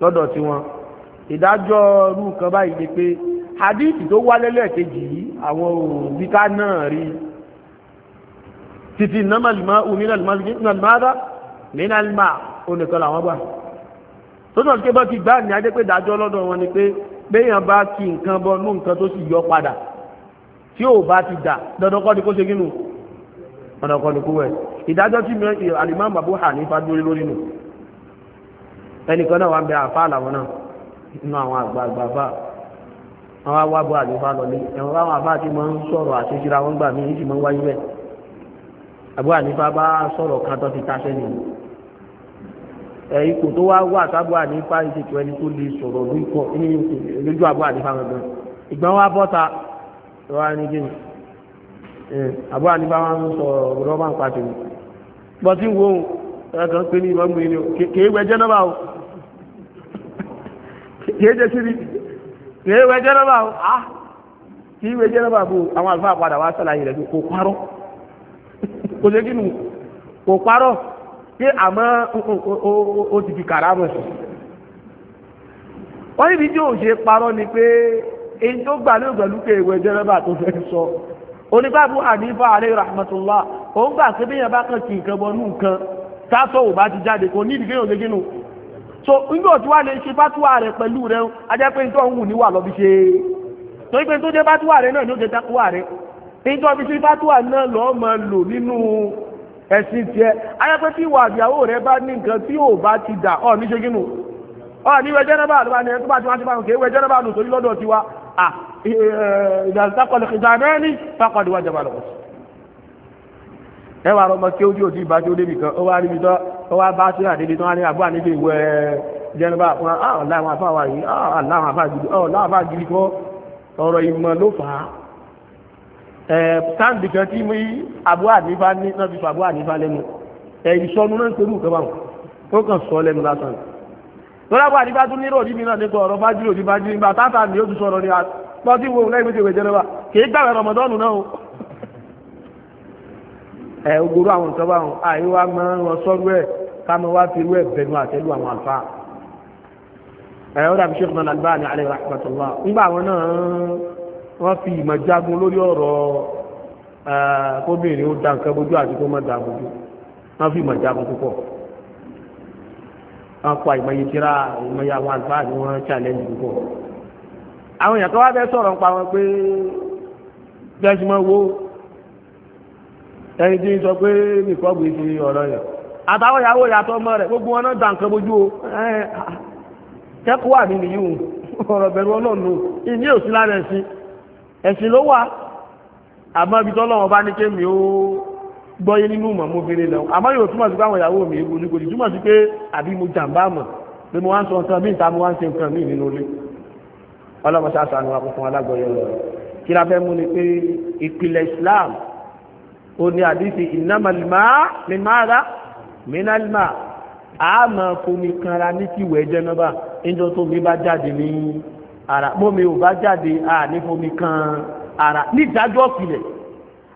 lọ́dọ̀ tiwọn ìdájọ́ irú nǹkan báyìí ni pé hadithi tó wá lẹ́lẹ́kejì yìí àwọn òbíká náà rí títí nàmàlìmá òmìnàlìmára nínàlìmá onìkan làwọn gbà tó ni pé béèyàn bá kí nǹkan bọ nú nǹkan tó sì yọ padà tí ò bá ti dà dandan kọ́ ni kó ṣe kínú dandan kọ́ ni kó wẹ̀ ìdájọ́ tí mi alimami Abu Hanifa dúró lórí nù ẹnìkan náà wà ń bẹ àfáà làwọn náà nínú àwọn àgbààgbà bá wọn wá wá bọ́ àlùfà lọ́lé awọn báwọn àbá ti máa ń sọ̀rọ̀ àṣeṣíra wọn gbà mí sì wáyé bẹ́ẹ̀ àbúrò ànífà bá sọ̀rọ̀ kan tó ti taṣẹ́ nìyí ipò tó wá wà sábúrò ànífà ìṣètò ẹni tó lè sọ̀rọ̀ ní àbúrò wo kìí jẹ síbi kìí wẹ jẹnẹba o ah kìí wẹ jẹnẹba bò àwọn àlùfáà padà wá kò parọ́ kò ṣe kí nu kò parọ́ pé àmọ́ ó ti fi kàrá mọ̀ sí wọ́n níbi tí ò ṣe ni pé èyí tó gbà ní ògbẹ̀lú kéèwé jẹ́rẹ́bà tó fẹ́ sọ onígbàbú àníbà alẹ́ rahmatullah ó gbà sí bí yẹn bá kàn kí nǹkan bọnú nǹkan tásọ̀ ò bá ti jáde kò ní so nígbà tí wà lè ṣe fátúwà rẹ̀ pẹ̀lú rẹ̀ ajẹ́ pé nítorí òun wù ní wà lọ́bi ṣe torí pé tó jẹ́ fátúwà rẹ̀ náà ní ó jẹ́ fátúwà rẹ̀ nítorí fi ṣe fátúwà náà lọ́ọ́ máa lò nínú ẹ̀sìn tiẹ̀ ajẹ́ pé tí ìwà àbíyàwó rẹ̀ bá ní nǹkan tí ò bá ti dà ọ̀ ní ṣe kínú ọ̀ ní wẹ́jẹ́ náà bá àdúrà ní ẹni tó bá ti wá sí báwọn kì í wẹ́jẹ́ náà bá nù torí lọ́dọ̀ tiwa ìdàgbàsókòlù ẹwà ọmọ kí ó jí òtí ìbájú débi kan ó wá rí bitọ́ ó wá bá sílẹ̀ débi tó wá ní àbúrò àníbi ìwẹ̀ jẹnuba fún aláwọn ah, afáwà yìí aláwọn ah, afáàgìdì aláwọn afáàgìdì kọ́ ọ̀rọ̀ ìmọ̀ ló fà á sáǹdì kan tí mú àbúrò ànífà ní náà fi fàbúrò ànífà lẹ́nu ẹ̀yìn sọnù náà ń pẹ̀lú nǹkan báwọn ó kàn sọ lẹ́nu lásán lọ́la bá àdìbá tún nírò níbi náà nípa ọ̀rọ̀ fájúlò ní fájúlò nígbà táta ni ó ti sọ̀rọ̀ ní àpọ́tí wo lẹ́yìn méjèèjì jẹnuba kì í gbàgbé rọmọdọ́nù náà o ẹ ogoro àwọn nǹkan báwọn àyè wa máa ń rán sọ́rú ẹ̀ ká máa wá fi irú ẹ̀ bẹnu àtẹ́lù àwọn àlùfà ẹ ó dàbí Sheikh Al-Albani alayhi rahmatullah nígbà àwọn náà wọ́n fi ìmọ̀ jagun lórí ọ̀rọ̀ kóbìnrin ó da nǹkan bójú àti kó má da bójú wọ́n fi ìmọ̀ jagun púpọ̀ wọ́n pa ìmọ̀ye tíra ìmọ̀ye àwọn àlùfà àti wọ́n challenge púpọ̀ àwọn èèyàn kan wá fẹ́ sọ̀rọ̀ nípa wọn pé bẹ́ẹ̀ ẹni tí ń sọ pé nìkọ́bù ìfi ọ̀rọ̀ yẹ̀ àtàwọn ìyàwó ìyàtọ̀ ọmọ rẹ̀ gbogbo wọn náà dà nǹkan bójú o tẹ́kùwà mi nìyí ọ̀rọ̀ bẹ̀rù ọlọ́run ìní òsí lára ẹ̀sìn ẹ̀sìn ló wà àmọ́ ibi tọ́lọ́wọ́n bá ní kémi ó gbọ́yé nínú mọ̀ mo fèrè lẹ́wọ̀n àmọ́ yóò túmọ̀ sí pé àwọn ìyàwó mi egbò nígbòdì túmọ̀ sí pé àbí mo jàǹbá mọ̀ pé mo wá ń sọ nǹkan mí ìta mo wá ń ṣe nǹkan mí nínú ilé ọlọ́mọṣáṣá ni wọn kún fún alágbọ̀yẹ lọ kí ó ní àdísì ìnámàlìmá mímára mínálìmá a máa fomi kanra ní tíwẹ̀ jẹ́nàbà níjọ tó mi bá jáde ní ara mọ́mi ò bá jáde a ní fomi kan ara ní ìdájọ́ ìpìlẹ̀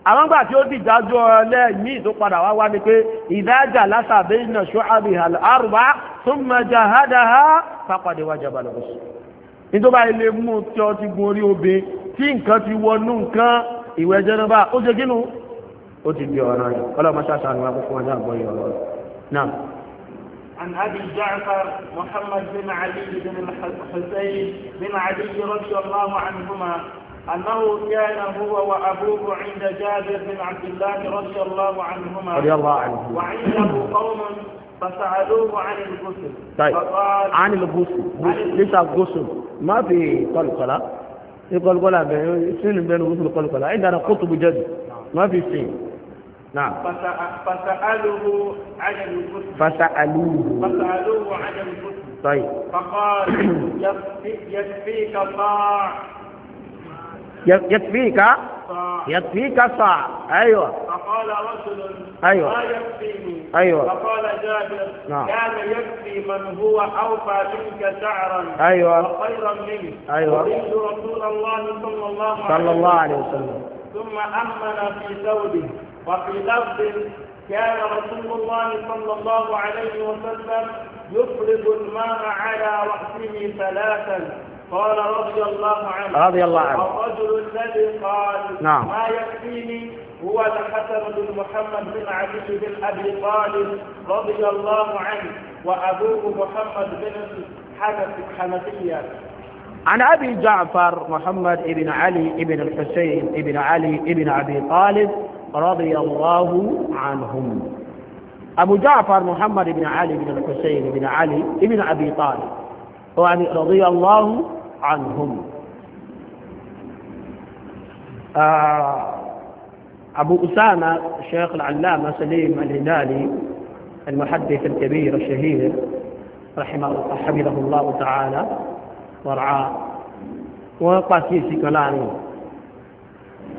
àwọn gbà tí ó di ìdájọ́ lẹ́ẹ̀mí tó padà wá wá ni pé ìdájà lásàbẹ́ iná ṣọ́àbì àrùbá tó mọ jàhádáhá pápádé wájà balọ̀gọ́sì nítorí ilé mú tí ọ ti gun orí obìnrin tí nǹkan ti wọnú nǹkan ìwẹ̀ jẹ́nàbà ó ṣe kínú ó ti di ما yìí ọlọ́mọ ṣáṣá ni wọ́n kó fún عن أبي جعفر محمد بن علي بن الحسين بن علي رضي الله عنهما أنه كان هو وأبوه عند جابر بن عبد الله رضي الله عنهما رضي الله عنه وعنده قوم فسألوه عن الغسل طيب عن الغسل ليس الغسل ما في قلقلة يقول قلقلة سن بين الغسل والقلقلة عندنا قطب جد ما في سين نعم فسألوه عن الكتب فسألوه فسألوه عن الكتب طيب فقال يكفيك صاع يكفيك صاع يكفيك صاع ايوه فقال رجل ايوه ما يكفيني ايوه فقال جابر نعم كان يكفي من هو اوفى منك شعرا ايوه وخيرا منه ايوه ورد رسول الله صلى الله عليه وسلم صلى الله عليه وسلم ثم امن في ثوبه وفي لفظ كان رسول الله صلى الله عليه وسلم يفرض الماء على رأسه ثلاثا قال رضي الله عنه رضي الله عنه الرجل الذي قال نعم. ما يكفيني هو الحسن بن محمد بن علي بن ابي طالب رضي الله عنه وابوه محمد بن حنفي حنفيا عن أبي جعفر محمد بن علي بن الحسين بن علي بن أبي طالب رضي الله عنهم أبو جعفر محمد بن علي بن الحسين بن علي بن أبي طالب يعني رضي الله عنهم أبو أسامة الشيخ العلامة سليم الهلالي المحدث الكبير الشهير رحمه حفظه الله تعالى ورعاه وقاسيسي كلامه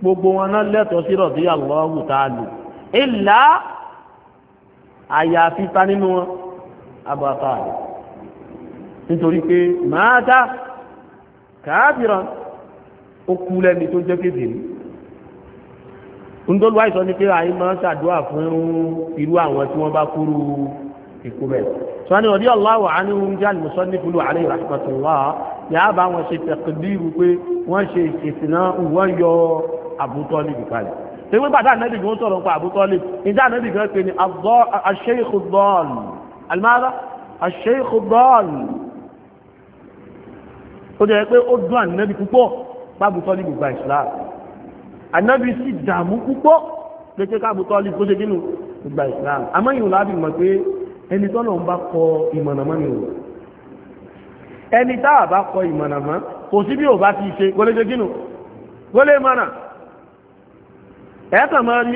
gbogbo wọn náà lẹ́tọ̀ọ́ sí rọ̀dí àlọ́hù tá a lò ìlà àyàfi ta nínú wọn abàtà rẹ̀ nítorí pé máa dá kàáfìràn ó kú lẹ́ni tó jẹ́ kékeré ndolu àìsàn ni pé àyè máa ń ṣàdúrà fún irú àwọn tí wọ́n bá kúrú ikú bẹ̀. sọ́ni ọ̀dí ọ̀láwọ̀ àníhùn jẹ́ àlùmọ́sọ́ ní fúlù àlẹ́ rahmatullah yàá bá wọn ṣe tẹ̀kídìrú pé wọ́n ṣe ìṣèṣìná wọ́n yọ àbútọ́lìbì kalẹ̀ ewé bàtà ànábì ni wọ́n sọ̀rọ̀ nípa àbútọ́lìbì ìdá ànábì kan pè ní aṣẹ́ìkù bọ́ọ̀lù alimada aṣẹ́ìkù bọ́ọ̀lù ó jẹ́ pé ó dún ànábì púpọ̀ bábútọ́lìbì gba ìsìláàmù ànábì sì dààmú púpọ̀ pé pé kábútọ́lìbì kó ṣe kínú gba ìsìláàmù àmọ́ ìhùn lábì mọ̀ pé ẹni tọ́lọ̀ ń bá kọ ìmọ̀nàmọ́ni rẹ̀ ẹni táà bá kọ ìmọ̀nàmọ́ kò sí bí ò bá ti ṣe gbọ́lẹ́gbẹ́gínú gbọ́lẹ́ mọ́nà ẹ̀ẹ́kàn mọ́ ni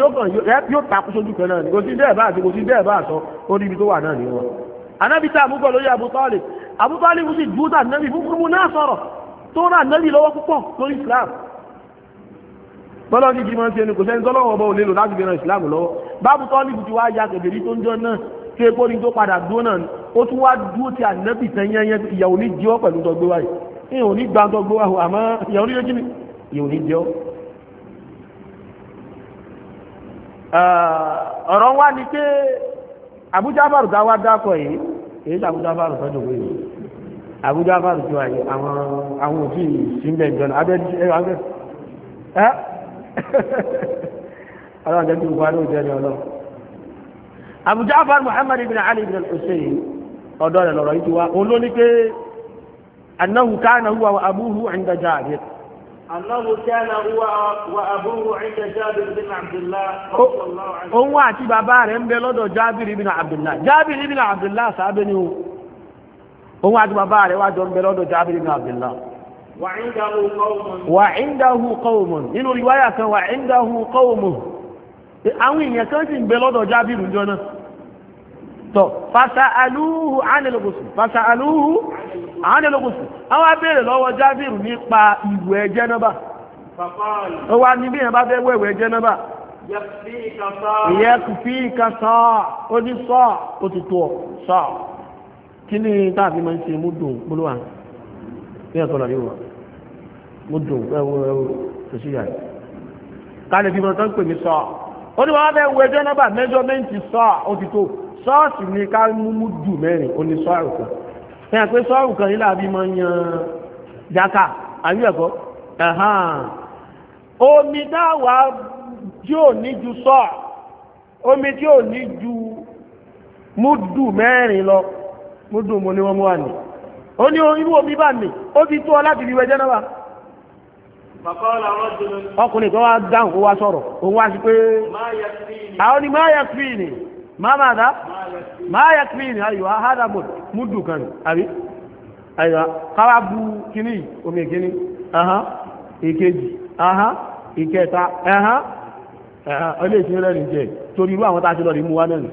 yóò takú sójú kan náà ni kò sí dẹ́ẹ̀ bá àti kò sí dẹ́ẹ̀ bá àsọ ó níbi tó wà náà ni wọn. anábì tá àmúgbọ̀ lórí abutọ́ọ̀lì abutọ́ọ̀lì fún sí júdà nẹ́bì fún mú náà sọ̀rọ̀ tó rà nẹ́bì lọ́wọ́ púpọ̀ lórí Islam bọ́lọ́dí jí máa ń ṣe ni kò sẹ́ni tọ́lọ́wọ́ ọba ò lè lò láti fi ran Islam lọ́wọ́ bábù tọ́lì ti wá ya kẹ̀bẹ̀rí tó ń jọ náà ṣe epo ni tó padà dúró náà ó tún wá dúró ti ànẹ́bì tán yẹn yẹn ìyàwó ní jẹ́ pẹ̀lú tọgbé ìyàwó ní gbàǹtọ́gbé àmọ́ ìyàwó ní jẹ́ kí ni ìyàwó ní jẹ́ ọ̀rọ̀ wá ní pé Abuja bàrù tá dákọ̀ yìí èyí Abuja bàrù tọ́jú yìí Abuja bàrù tí àwọn òfin ìsìnbẹ̀ ìjọna abẹ́jú ẹ abẹ́ ẹ ọlọ́run jẹ́ Abuja أنه كان هو وأبوه عند جابر بن عبد الله رضي الله عنه. Abdullah. Jábìr ibn Abdullah o. Òun àti bàbá rẹ̀ wá jọ ń bẹ lọ́dọ̀ Abdullah. وعنده قوم. وعنده قوم. Nínú riwáyà kan وعنده قوم. fasa'aluhu àwọn ní olókùsù àwọn abéèrè lọ́wọ́ jábìrù nípa ìwẹ̀ ẹ̀jẹ̀ náà bá ó wá ní bí yẹn bá fẹ́ wẹ̀wẹ̀ ẹ̀jẹ̀ náà bá ìyẹ́ kù fi ìka sọ́ọ̀ ó ní sọ́ọ̀ ó ti tó sọ́ọ̀ kí ni táàfi máa ń ṣe mú dùn polówà ní ẹ̀tọ́ lọ yóò wà mú dùn ẹwọ ẹwọ tó sí yàrá káàlẹ̀ bí wọn tó ń pè mí sọ́ọ̀ ó ní wọn fẹ́ wẹ̀ ẹ̀jẹ̀ náà bá mẹ́jọ́mẹ́ǹtì sọ́ọ̀ ó ti tó sọ́ọ̀sì ni ká mú mú ẹ̀yà pé sọ́ọ̀rù kan nílà bí máa ń yan jákà àbí ẹ̀kọ́ omi dáwà tí ò ní ju sọ́ọ̀ omi tí ò ní ju múdù mẹ́rin lọ múdù mo ní wọ́n mú wà ní ó ní irú omi bá mi ó ti tó ọ láti fi náà ọkùnrin kan wá dáhùn kó wá sọ̀rọ̀ ni máa yẹ ما ماذا ما يكفيني أيوة هذا مد مد كان أبي أيوة قرب كني أمي كني أها ìkejì ahá ìkẹta ẹ̀há ọlé ìṣẹ́ lẹ́rin jẹ́ torí irú àwọn tàbí lọ́rin mú wá lẹ́rin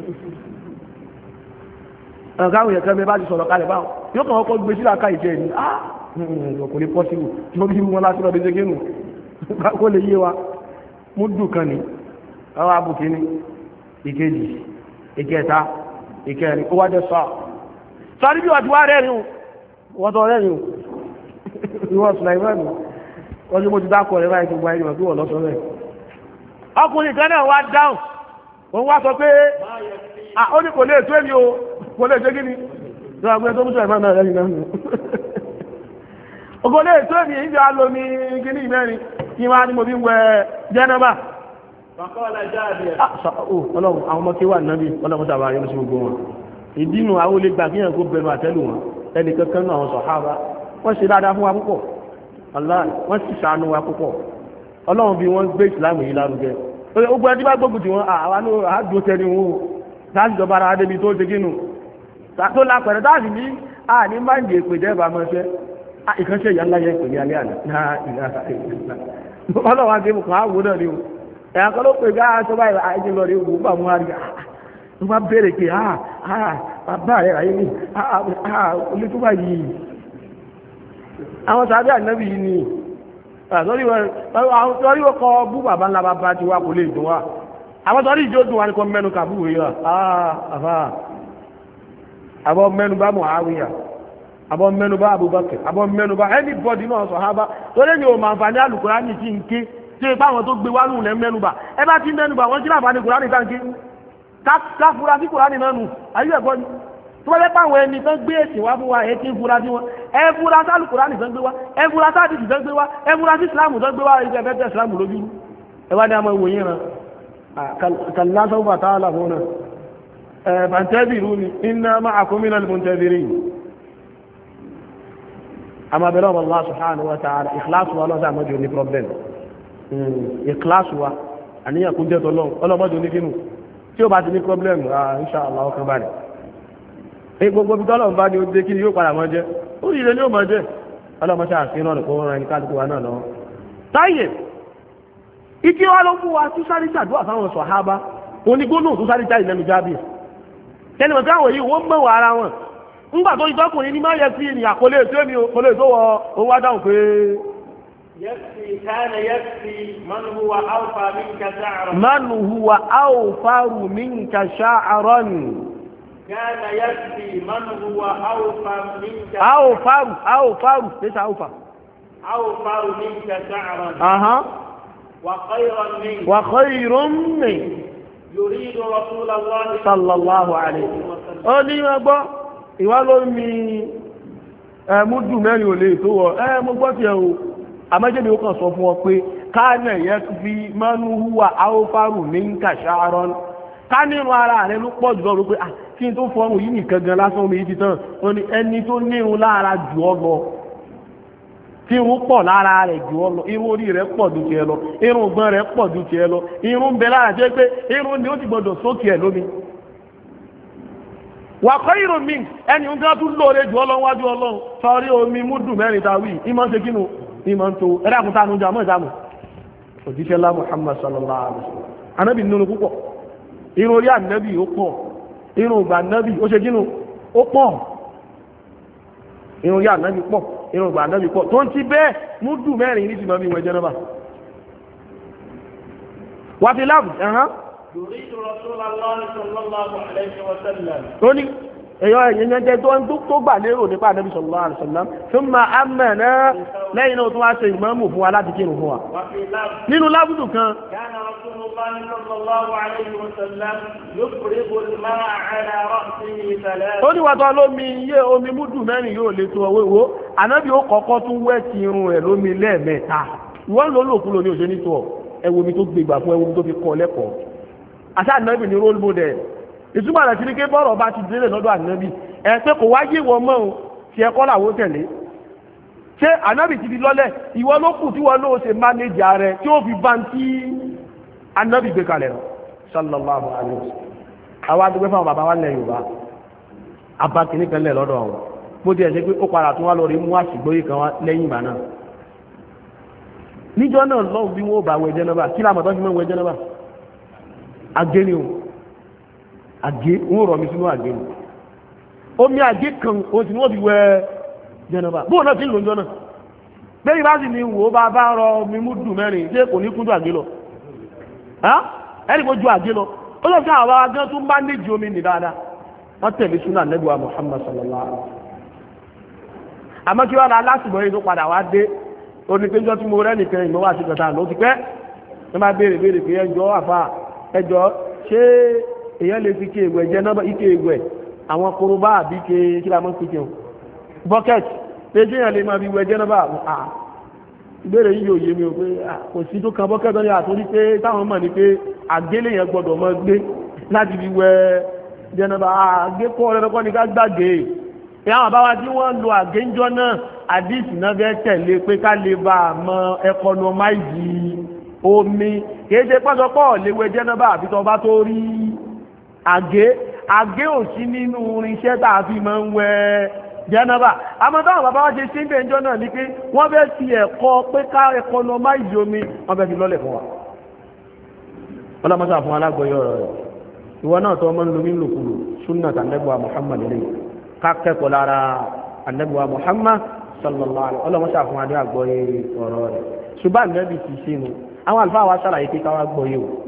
ọ̀gáwò yẹ̀kẹ́ mẹ́ bá ọ sọ̀rọ̀ kalẹ̀ báwọn yóò kàn ọkọ̀ gbé sílá káì jẹ́ ní ọkùnrin pọ́síwò tí ó bí wọn láti wa mú dùn kan ní kini, ìkẹta ìkẹrin ó wájẹ́ sọ sọ́rí bí wà ti wá rẹ̀rin wọ́n tọ́ ìwọ̀n wọ́n tí mo ti dákọ̀ rẹ̀ báyìí gbogbo ayé wọ́n tí rẹ̀ ọkùnrin kan náà wá dáhùn òun wá sọ pé ó ní kò lè tó o kò lè tó gíní tó àgbẹ̀ tó náà alomi Ah, oh, ọlọ́run àwọn ọmọ kí wà náà bí ọlọ́run sábà rí sí gbogbo wọn ìdínú àwọn olè gbà kíyàn kó bẹnu àtẹ́lù wọn ẹnì kankan náà àwọn sọ̀hábà wọ́n ṣe dáadáa fún wa púpọ̀ wọ́n sì ṣàánú wa púpọ̀ ọlọ́run bí wọ́n gbé ìsìláàmù yìí lárugẹ gbogbo ẹni bá gbógun tí wọ́n àwa ní àádùn tẹni wọn o láti jọba ara débi tó ṣe gínú tó lápẹ̀rẹ̀ láti ní àní máa ń di èpè dẹ́ẹ̀bà mọ́ṣẹ́ ìkànṣẹ́ ìyá ńlá yẹn pè ní alẹ́ àná ọlọ́run ẹ̀yàn kan ló pè bí aṣọ báyìí àìjì ah, lọ rí ogun bá mú àríyá ló ah, bá ah, bèèrè pé àà àà bàbá rẹ̀ ráyé ní àà olùtúbà yìí àwọn sàbí ànábì yìí ni àtọ́rí wọ́n kọ́ bú bàbá ńlá bàbá ti wá kò lè dùn wá àwọn tọ́rí ìjó dùn wá ní kọ́ mẹ́nu kàbú rí wa àà àbọ̀ mẹ́nu bá Muawiya àbọ̀ mẹ́nu bá Abubakar àbọ̀ mẹ́nu bá anybody náà sọ̀hábà torí mi ò mà ń fa tí ipa àwọn tó gbé wálùú lẹ́ mẹ́nubà ẹ bá ti mẹ́nubà wọ́n kí láàbá ní kùránì táǹkì káfúra sí kùránì náà nù ayé ẹ̀kọ́ ni tó bá fẹ́ ẹni tán gbé èsì wá fún wa ẹ ti ń fura sí wọn ẹ fura sí tán gbé wá ẹ fura sí tán gbé wá ẹ sí ìsìlámù tán gbé wá ẹ fẹ́ ìsìlámù lójú ẹ wá ọmọ Allah subhanahu wa ta'ala ìkìláàsù wa ní problem Hmm, ìkíláàsù wa àníyàn kó jẹ́ tọ́lọ́ ọlọ́mọdé oníkínú tí ó bá ti ní pọ́blẹ́mù ah, insha Allah ọkàn bá rẹ̀ èyí gbogbo bí tọ́lọ̀ bá ní ó dé kí ni yóò padà mọ́ jẹ́ ó rí ilé ní ó mọ́ jẹ́ ọlọ́mọdé àfihàn ọ̀nà kó rán ẹni kálukú wa náà lọ́wọ́ táyè ike wa ló fún wa tí sáré ṣàdúrà fáwọn sọ̀hábá onígbónú tó sáré jáde lẹ́nu jábì tẹnumọ̀ táwọn yìí wọ́n mọ̀ wà ara wọn ńgbà tó ti tọkùnrin ní má yẹ sí ìrìn àkọlé tó mi kọlé tó wọ owó adáhùn يكفي كان يكفي من هو أوفى منك شعرا من هو أوفر منك شعرا كان يكفي من هو أوفى منك أوفر أوفر ليس أوفى أوفر منك شعرا أها وخيرا منك وخير منك يريد رسول الله صلى الله عليه وسلم أولي ما بقى ìwá ló mi ẹ̀mú dùn mẹ́rin ò lè tó wọ ẹ̀ mo gbọ́ tiẹ̀ o àmọ́jẹ́bí ó kàn sọ fún wọn pé káànà fi manu áófàrù ní ń kàṣà arọ́ ká ara rẹ ló pọ̀ jù lọ pé ah, kí n tó fọrùn yìí nìkan gan lásán omi tán ni ẹni tó nírun lára ọ lọ tí pọ̀ lọ irun orí rẹ̀ pọ̀ ju tiẹ̀ lọ irun gbọ́n rẹ̀ pọ̀ ju tiẹ̀ lọ irun bẹ lára jẹ́ pé irun ni ó ti gbọdọ̀ sókè ẹ̀ lómi. wàkọ́ ẹni ń tún lóore jù ọ ní ma ń tó ẹ̀dàkùn tánú jọ àmọ́ ìdámù òjíṣẹ́ lá Muhammad sallallahu alaihi wasallam anábì nínú púpọ̀ irun orí ànábì ó pọ̀ irun ìgbà ànábì ó ṣe jínú ó pọ̀ irun orí ànábì pọ̀ irun ìgbà ànábì pọ̀ tó ń ti bẹ́ẹ̀ múdù mẹ́rin ní tìmọ̀ bí wọn jẹ́ náà wà fi láàbù ẹ̀hán èèyàn ẹ̀yìn yẹn jẹ́ tó gbà lérò nípa ànábì sallallahu alaihi wasallam fún ma amẹ̀ náà lẹ́yìn náà tó wá ṣe ìmáàmù fún wa láti kírun fún wa. nínú lábùdù kan. ó ní wàtò alómi iye omi múdù mẹ́rin yóò lè tó ọwọ́ ìwó ànábì ó kọ́kọ́ tún wẹ́ ti irun ẹ̀ lómi lẹ́ẹ̀mẹ́ta wọ́n lò lòkú lóní òṣèlú tó ẹ̀wọ̀mi tó gbégbà fún ẹ̀wọ̀mi tó fi kọ́ lẹ́kọ̀ọ́ ìtumọ̀ rẹ̀ ti ní pé bọ́ọ̀rọ̀ bá ti délé lọ́dọ̀ ànábì ẹ pé kò wá yé wọn mọ́ o ti ẹ̀kọ́ làwọn tẹ̀lé ṣé ànábì ti di lọ́lẹ̀ ìwọ ló kù tí wọn ló ṣe mánéjì ààrẹ tí ó fi bá ń tí ànábì gbé kalẹ̀ sallallahu alaihi wasallam àwọn adúgbò fáwọn bàbá wa lẹ̀ yorùbá abá kìíní kan lẹ̀ lọ́dọ̀ wọn bó ti ẹ̀ ṣe pé ó padà tún wá lọ rí mú àṣìgbóyè kan lẹ́yìn ìgbà náà níjọ́ náà lọ́wọ́ bí wọ́n bá wẹ̀ jẹ́nàbà kí làmọ̀tọ́ fi mọ́ wẹ̀ jẹ́nàbà agéni o àgé wọ́n rọ̀ mi sínú àgé mi omi àgé kan o ti ní wọ́n fi wẹ jẹnaba bóun náà ti ń lò jọ náà bẹ́ẹ̀ bá sì ní wò bá bá rọ mi mú dùn mẹ́rin ṣé kò ní kúndùn àgé lọ ẹni ju àgé lọ ó lọ sí àwọn agán tó ń bá ní ju omi nì dáadáa wọ́n tẹ̀lé súnà nẹ́gbẹ̀wá Muhammad sallallahu alaihi wasallam àmọ́ kí wọ́n lọ alásùgbọ́n yìí tó padà wá dé onípéjọ́ tí mo rẹ́ nìkan ìmọ̀ wá sí kọta ló ti pẹ́ wọ́n bá béèrè béèrè pé ẹjọ́ àfa ẹjọ́ ṣé èyàn lè fi ike ìwẹ̀ jẹ nọ́bà ike ìwẹ̀ àwọn korobá àbí ike kí la mọ́ sí jẹun bucket péjì èyàn lè máa fi wẹ̀ jẹ nọ́bà ìbéèrè yìí yóò yé mi o pé kò sí tó kan bucket lọ́ní àtúndí pé táwọn mọ̀ ní pé àgbélé yẹn gbọ́dọ̀ mọ́ gbé láti fi wẹ̀ jẹ nọ́bà àgékọ́ ọ̀rẹ́dọ́kọ́ ni ká gbàgbé ẹ̀ àwọn àbáwá tí wọ́n lo àgéńjọ́ náà àdìsí náà fẹ́ tẹ̀lé pé ká lè bá a mọ ẹkọnọmáìdì omi kìí ṣe pọ́sọpọ́ léwé jẹ́nàbà àfi bá tó rí àgé àgé ò sí nínú irinṣẹ́ tá a fi máa ń wẹ jẹ́nàbà àmọ́ táwọn bàbá wa ṣe ṣe ń bẹ̀ ńjọ́ náà ni pé wọ́n fẹ́ fi ẹ̀kọ́ pé ká ẹ̀kọ́ lọ má ìdí omi wọ́n fẹ́ fi lọ́lẹ̀ fún wa ọlọ́mọsá fún alágbọ̀yọ̀ rẹ̀ ìwọ náà tó ọmọ lómi lòkulò súnà tàǹdẹ́gbà Muhammad lè ká kẹ́kọ̀ọ́ lára àǹdẹ́gbà Muhammad sallallahu alaihi ọlọ́mọsá fún adé àgbọ̀yẹ̀ ọ̀rọ̀ rẹ̀ ṣùgbọ́n àǹdẹ́bì ti ṣe nu àwọn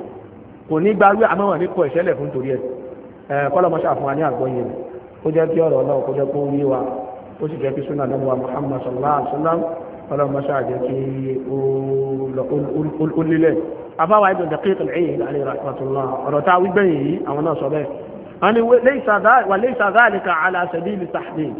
kò ní gbáwé àmọ́wọ̀n ní kọ ìṣẹ́lẹ̀ fún torí ẹ̀ kọ́lọ́mọṣà fún wa ní àgbọ́yé rẹ̀ ó jẹ́ kí ọ̀rọ̀ ọlọ́run kó jẹ́ kó yé wa ó sì jẹ́ kí súnà lọ́wọ́ wa Muhammad sallallahu alaihi wasallam kọ́lọ́mọṣà jẹ́ kí ó lélẹ̀ afáwa ibn Daqiq al-Eid alayhi rahmatullah ọ̀rọ̀ tá a wí gbẹ̀yìn yìí àwọn náà sọ bẹ́ẹ̀ wọ́n ní wa laysa dhalika ala sabili tahdid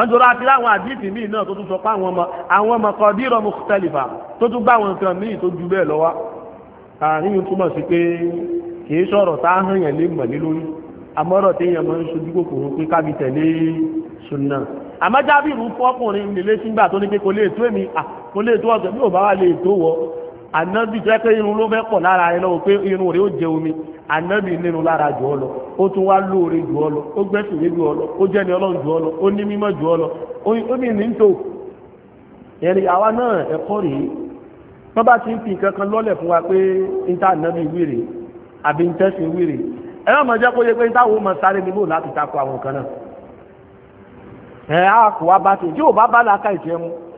ọjọ́rọ́ àti láwọn àdíìtì míì náà tó tún sọ pé àwọn ọmọ àwọn ọmọ kan bí ìrọ̀mù tẹlifà tó tún bá àwọn nǹkan míì tó ju bẹ́ẹ̀ lọ́wọ́ àárín yìí túmọ̀ sí pé kì sọ̀rọ̀ tá a hàn yàn lé mọ̀ ní lórí àmọ́rọ̀ tí èèyàn máa ń sojú kòkòrò pé kábi tẹ̀lé sunna àmọ́ jábìrù fọ́kùnrin nílé sígbà tó ní pé kò lè tó èmi kò lè tó ọ̀sẹ̀ bí ò bá wà lè tó wọ ànábì jẹ́ pé irun ló fẹ́ pọ̀ lára rẹ̀ lọ́wọ́ pé irun rẹ̀ ó jẹ omi ànábì nínú lára jù ọ lọ ó tún wá lóore jù ọ lọ ó gbẹ́sìlẹ̀ jù ọ lọ ó jẹ́ni ọlọ́run jù ọ lọ ó ní mímọ́ jù ọ lọ ó ní ní tó àwa náà ẹ̀kọ́ rèé wọ́n bá ti ń fi nǹkan kan lọ́lẹ̀ fún wa pé ànábì àbí ń tẹ́sí ẹ jẹ́ kó yẹ pé sáré níbò láti àwọn kan náà ẹ̀ á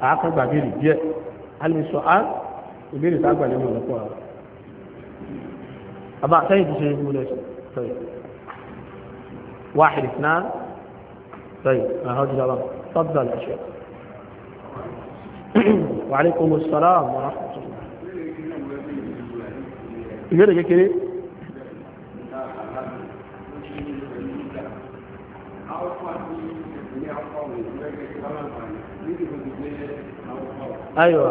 àákàgbà béèrè díẹ̀ alẹ́sọ á ìbéèrè tá àgbà lẹ́nu ọ̀lọ́pọ̀ àwọn àbá sẹ́yìn ti ṣe múlẹ̀ sọ́yìn واحد اثنان طيب هذا جواب تفضل يا شيخ وعليكم السلام ورحمة الله ìbéèrè kékeré Àwọn ọmọ àti ìṣẹ̀lẹ̀ àwọn ayọ̀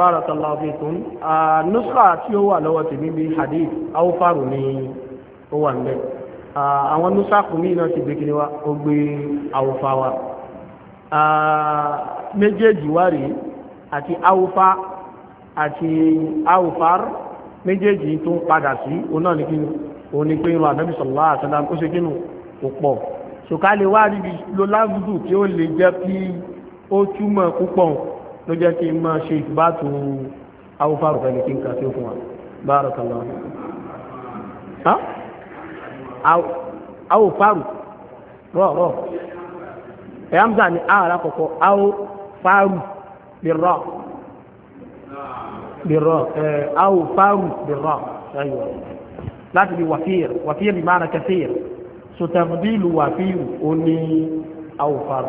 barakallahu fikum nusra tí ó wà lọ́wọ́ tèmi bí hadith awúfàrù ni ó wà ń bẹ̀ àwọn nusra kùmí náà ti gbé kiri wa ó gbé awúfà wa méjèèjì wá rí àti awúfà àti awúfàr méjèèjì tó ń padà sí òun náà ní kí òun ni pé irun ànábì sallallahu alaihi wasallam ó ṣe kínú kò pọ̀ ṣùkálẹ̀ wá ríbi lọ́lá ó túmọ̀ púpọ̀ ló jẹ́ kí n máa ṣe ìbátò awúfàrù fẹ́ni kí n kà sí fún wa barakallahu awúfàrù rọ̀rọ̀ ẹ̀yàmzà ni ààrà kọ̀kọ́ awúfàrù bí rọ̀ بالراء أو فاو بالراء أيوة لكن وفير وفير بمعنى كثير ستبديل وفير أني أو فاو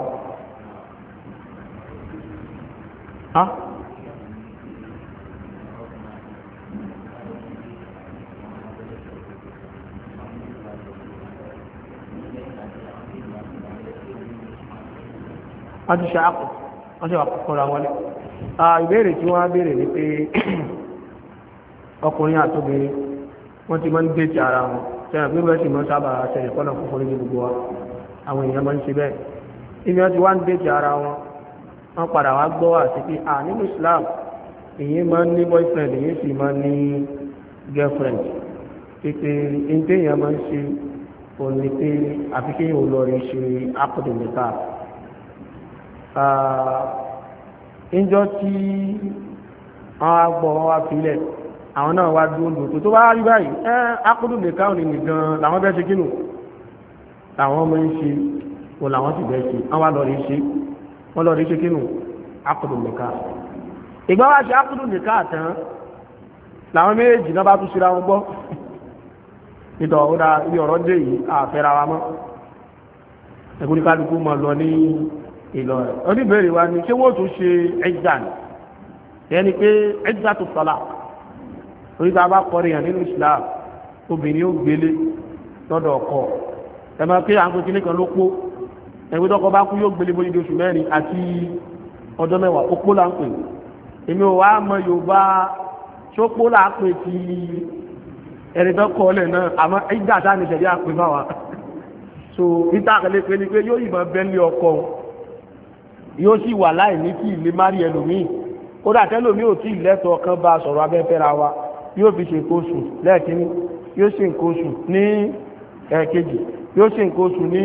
ha wọ́n ti ṣe àpò wọ́n ṣe àpòkọ́ra wọlé ìbéèrè tí wọ́n ara wọn pé bẹ́ẹ̀ sì sábà ṣẹlẹ̀ fúnfún ní gbogbo àwọn èèyàn máa ń ṣe bẹ́ẹ̀ wọ́n padà wá gbọ́ àti pé à nínú Islam èyí máa ń ní boyfriend èyí sì máa ń ní girlfriend pípé ìdéyàn máa ń ṣe òní pé àfikẹ́yìn ò lọ rí ṣe ápùdùmẹ́ta ìjọ tí àwọn agbọ̀ wọn wá fílẹ̀ àwọn náà wá dúró lòtò tó bá rí báyìí ẹ́ ápùdùmẹ́ta ò ní nìkan làwọn bẹ́ẹ̀ ṣe kínú làwọn máa ń ṣe ò làwọn sì bẹ́ẹ̀ ṣe àwọn lọ rí ṣe wọ́n lọ rí ṣe kínú akudu nìka ìgbà wá ṣe akudu nìka àtàn làwọn méjèèjì náà bá tún síra wọn gbọ́ nítọ̀ ó dá ibi ọ̀rọ̀ dé yìí àfẹ́ra wa mọ́ ẹ̀kú ní kálukú mọ̀ lọ ní Ìlọrin oníbẹ̀rẹ̀ wa ni ṣé wọ́n tún ṣe ẹ̀jà ni ẹni pé ẹ̀jà tó sọ̀la orí ta bá kọrin yàn nínú Islam obìnrin ó gbélé lọ́dọ̀ ọkọ ẹ̀ ẹ̀wé tọkọ bá kú yóò gbélé bóyá oṣù mẹ́rin àti ọjọ́ mẹ́wàá opó là ń pè èmi ò wá mọ yorùbá sópó là ń pè ti ẹ̀rẹ̀ tó kọ́ ọ̀lẹ̀ náà àmọ́ ìgbà tá à ní àpè bá wa so níta àkẹlẹ́ pé ni pé yóò yìnbọn bẹ́ẹ̀lì ọkọ yóò sì wà láì ní kí ilé má rí ẹlòmíì kódà tẹ́lòmíì ò tí ì lẹ́tọ̀ọ́ kan bá sọ̀rọ̀ abẹ́fẹ́ra wa yóò fi ṣe nǹkan lẹ́ẹ̀kínní yóò ṣe nǹkan ní ẹ̀ẹ̀kejì yóò ṣe nǹkan oṣù ní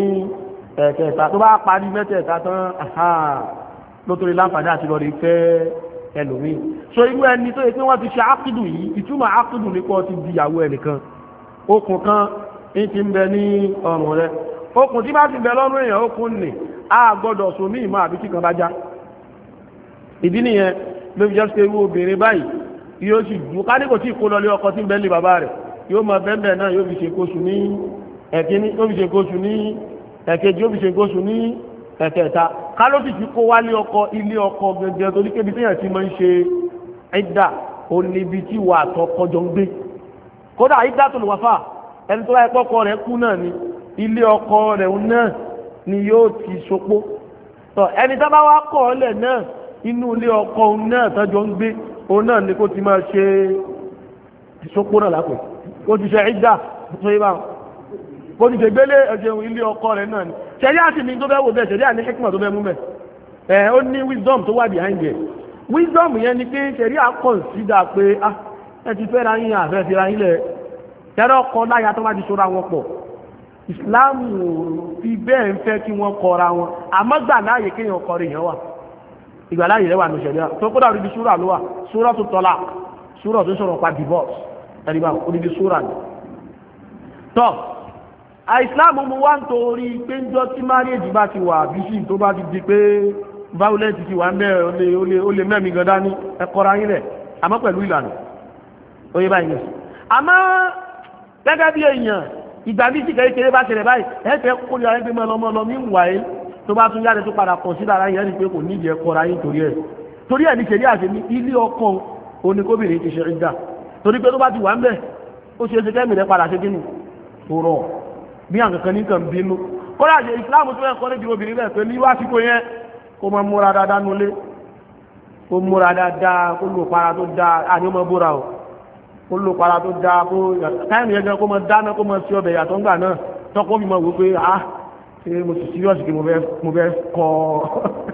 ẹ̀kẹta tó bá parí mẹ́tẹ̀ẹ̀ta tán lótórí láǹfààní àti lọ́rí fẹ́ ẹlòmíì so irú ẹni tó yẹ pé wọ́n ti ṣe ákìdù yìí ìtumọ̀ ákìdù nípa ti di ìyàwó ẹnìkan okùn kan ń ti ń bẹ ní ọrùn rẹ okùn tí bá ti bẹ lọ́rùn èèyàn okùn nì á gbọ́dọ̀ so ní ìmọ̀ àbí kíkan bá já ìdí nìyẹn ló fi jẹ́ pé irú obìnrin báyìí yóò sì dùn ká ní kò tí ì kó lọ lé ọkọ tí ń bẹ lé bàbá rẹ̀ yóò mọ bẹ́ẹ̀ náà yóò fi ṣe kóṣù ní ẹ̀kíní yóò fi ṣe kóṣù ní ẹ̀kejì ó fi ṣe gbóṣù ní ẹ̀kẹta kálọ́sì fi kó wálé ọkọ ilé ọkọ gẹ́gẹ́ torí kébi téèyàn ti máa ń ṣe ẹ̀dà ó níbi tí wà àtọkọjọ ń gbé kódà ẹ̀dà tó lè wà ẹni tó láyé pọ́kọ rẹ̀ kú náà ni ilé ọkọ rẹ̀ náà ni yóò ti sopó tọ ẹni tá bá wá kọ̀ ọ́ lẹ̀ náà inú ilé ọkọ náà tọ́jọ́ ń gbé òun náà ni kó ti máa ṣe ìsopó náà lápò ó ti ṣe ẹ̀dà tó yẹ báwọn bó ti ṣègbélé ẹ̀jẹun ilé ọkọ rẹ̀ náà ni ṣẹ̀rí àti mi tó fẹ́ wò bẹ́ẹ̀ ṣẹ̀rí àní hekima tó fẹ́ mú bẹ́ẹ̀ ẹ̀ ó ní wisdom tó wà behind it wisdom yẹn ni pé ṣẹ̀rí àkọ̀nsídà pé ah ẹ ti fẹ́ ra yín àfẹ́ fi ra yín lẹ̀ tẹ́rọ kọ láyà tó má ti ṣọ́ra wọn pọ̀ Islam fi bẹ́ẹ̀ ń fẹ́ kí wọ́n kọra wọn àmọ́ gbà láàyè kéèyàn kọrin yẹn wà ìgbà láàyè rẹ̀ wà ní ṣẹ̀rí tó kódà orí ṣúra ló wà ṣúra tó tọ́lá ṣúra tó sọ̀rọ̀ àìsíláàmù mú wá ń torí pé ń jọ tí márìèjì bá ti wà bíṣì tó bá ti di pé violent ti wà ń bẹ́ẹ̀ ó lè mẹ́mí gan dání ẹkọra yín rẹ̀ àmọ́ pẹ̀lú ìlànà oyè báyìí nìyẹn àmọ́ gẹ́gẹ́ bí èèyàn ìgbà bí ìsìnkẹ́ ìkéré bá ṣẹlẹ̀ báyìí ẹ̀fẹ́ kórìíra ẹgbẹ́ mọ́lọmọ́lọmí ń wà é tó bá tún yára tó padà kàn sí lára yẹn ni pé kò nídìí ẹkọra yín torí ẹ̀ torí ẹ̀ ní ṣe ní àṣẹ ní ilé ọkọ oníkóbìnrin ti ṣe ìgbà torí pé tó bá ti wà ń bẹ̀ ó ṣe é ṣe kẹ́mìnrin padà ṣe kí ni kò rọ̀ bí àwọn kankan nìkan bínú kọ́lá yẹ ìsìláàmù tó yẹn kọ́ níbi obìnrin bẹ́ẹ̀ pé ní wásìkò yẹn kó máa múra dáadáa nulẹ̀ kó múra dáadáa kó lò para tó dáa àní ọmọ bóra o kó lò para tó dáa kó táìmù yẹn gan kó máa dáná kó máa sí ọbẹ̀ yàtọ̀ ńgbà náà tọ́kọ́ mi máa wò pé ah ṣé mo sì serious kí mo fẹ́ kọ́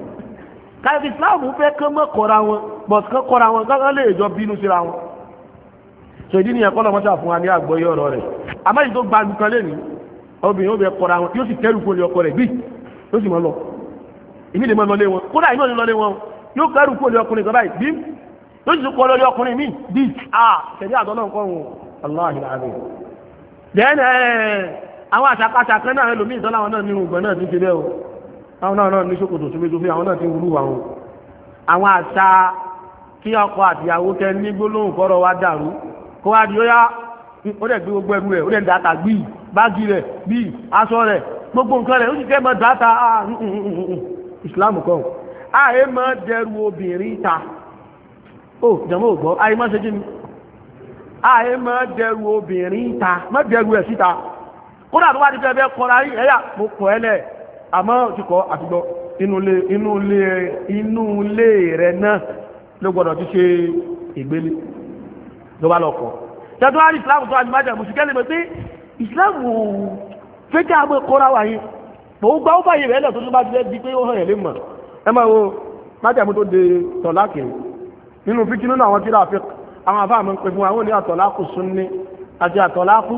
káyọ̀ ìsìláàmù fẹ́ kán mọ́ kọ́ra wọn bọ̀t kán kọ́ra wọn kán lè jọ bínú síra wọn ṣèdí nìyẹn kọ́ lọ́mọ́sà fún wa ní àgbọ́yé ọ̀rọ̀ rẹ̀ àmọ́ ìdó gbajú kan lé nìí obìnrin obìnrin kọra wọn yóò sì kẹrù kó lè ọkọ rẹ̀ bí yóò sì mọ lọ èmi lè mọ lọlé wọn kódà ìmọ̀ lè lọlé wọn yóò kẹrù kó lè ọkùnrin kan báyìí bí yóò sì kọ lọlé ọkùnrin mi bí a tẹ̀lé àtọ́ náà wọn aláàbí àbí. dẹ́nẹ̀ àwọn àṣàkáṣà náà ẹlòmíì sọ́lá àwọn náà nínú ìgbọ̀n náà ti ṣe o àwọn náà náà ní ṣòkòtò sóbésóbé àwọn náà ti wúlú báàgì rẹ̀ bíi aṣọ rẹ̀ gbogbo nǹkan rẹ̀ ó sì fẹ́ dáta ah, mm, mm, mm, islam kan àyè mọ dẹrù obìnrin ta ó jẹ̀mọ́ ò gbọ́ àyè mọ ṣe kí dẹrù obìnrin ta mọ dẹrù ẹ̀ síta kódà tó bá ti fẹ́ fẹ́ kọra yìí ẹ̀yà mo kọ̀ ẹ́ lẹ̀ àmọ́ ti kọ́ àtijọ́ inú ilé inú ilé inú ló bá lọ tẹ́tọ́ àrí islam tó àdìmájà mùsùlùmí kẹ́lẹ́ islam fẹ́ kí a mọ́ kóra wà yìí mọ̀ ó gbá ó fàyè rẹ̀ lẹ̀ tó tó bá ti lẹ́ di pé ó hàn ẹ̀lẹ́ mọ̀ ẹ máa wo májàmú tó de tọ̀lá kiri nínú fíkí nínú àwọn tíra àfi àwọn afá mi ń pè fún àwọn ní àtọ̀lá kù sunni àti àtọ̀lá kù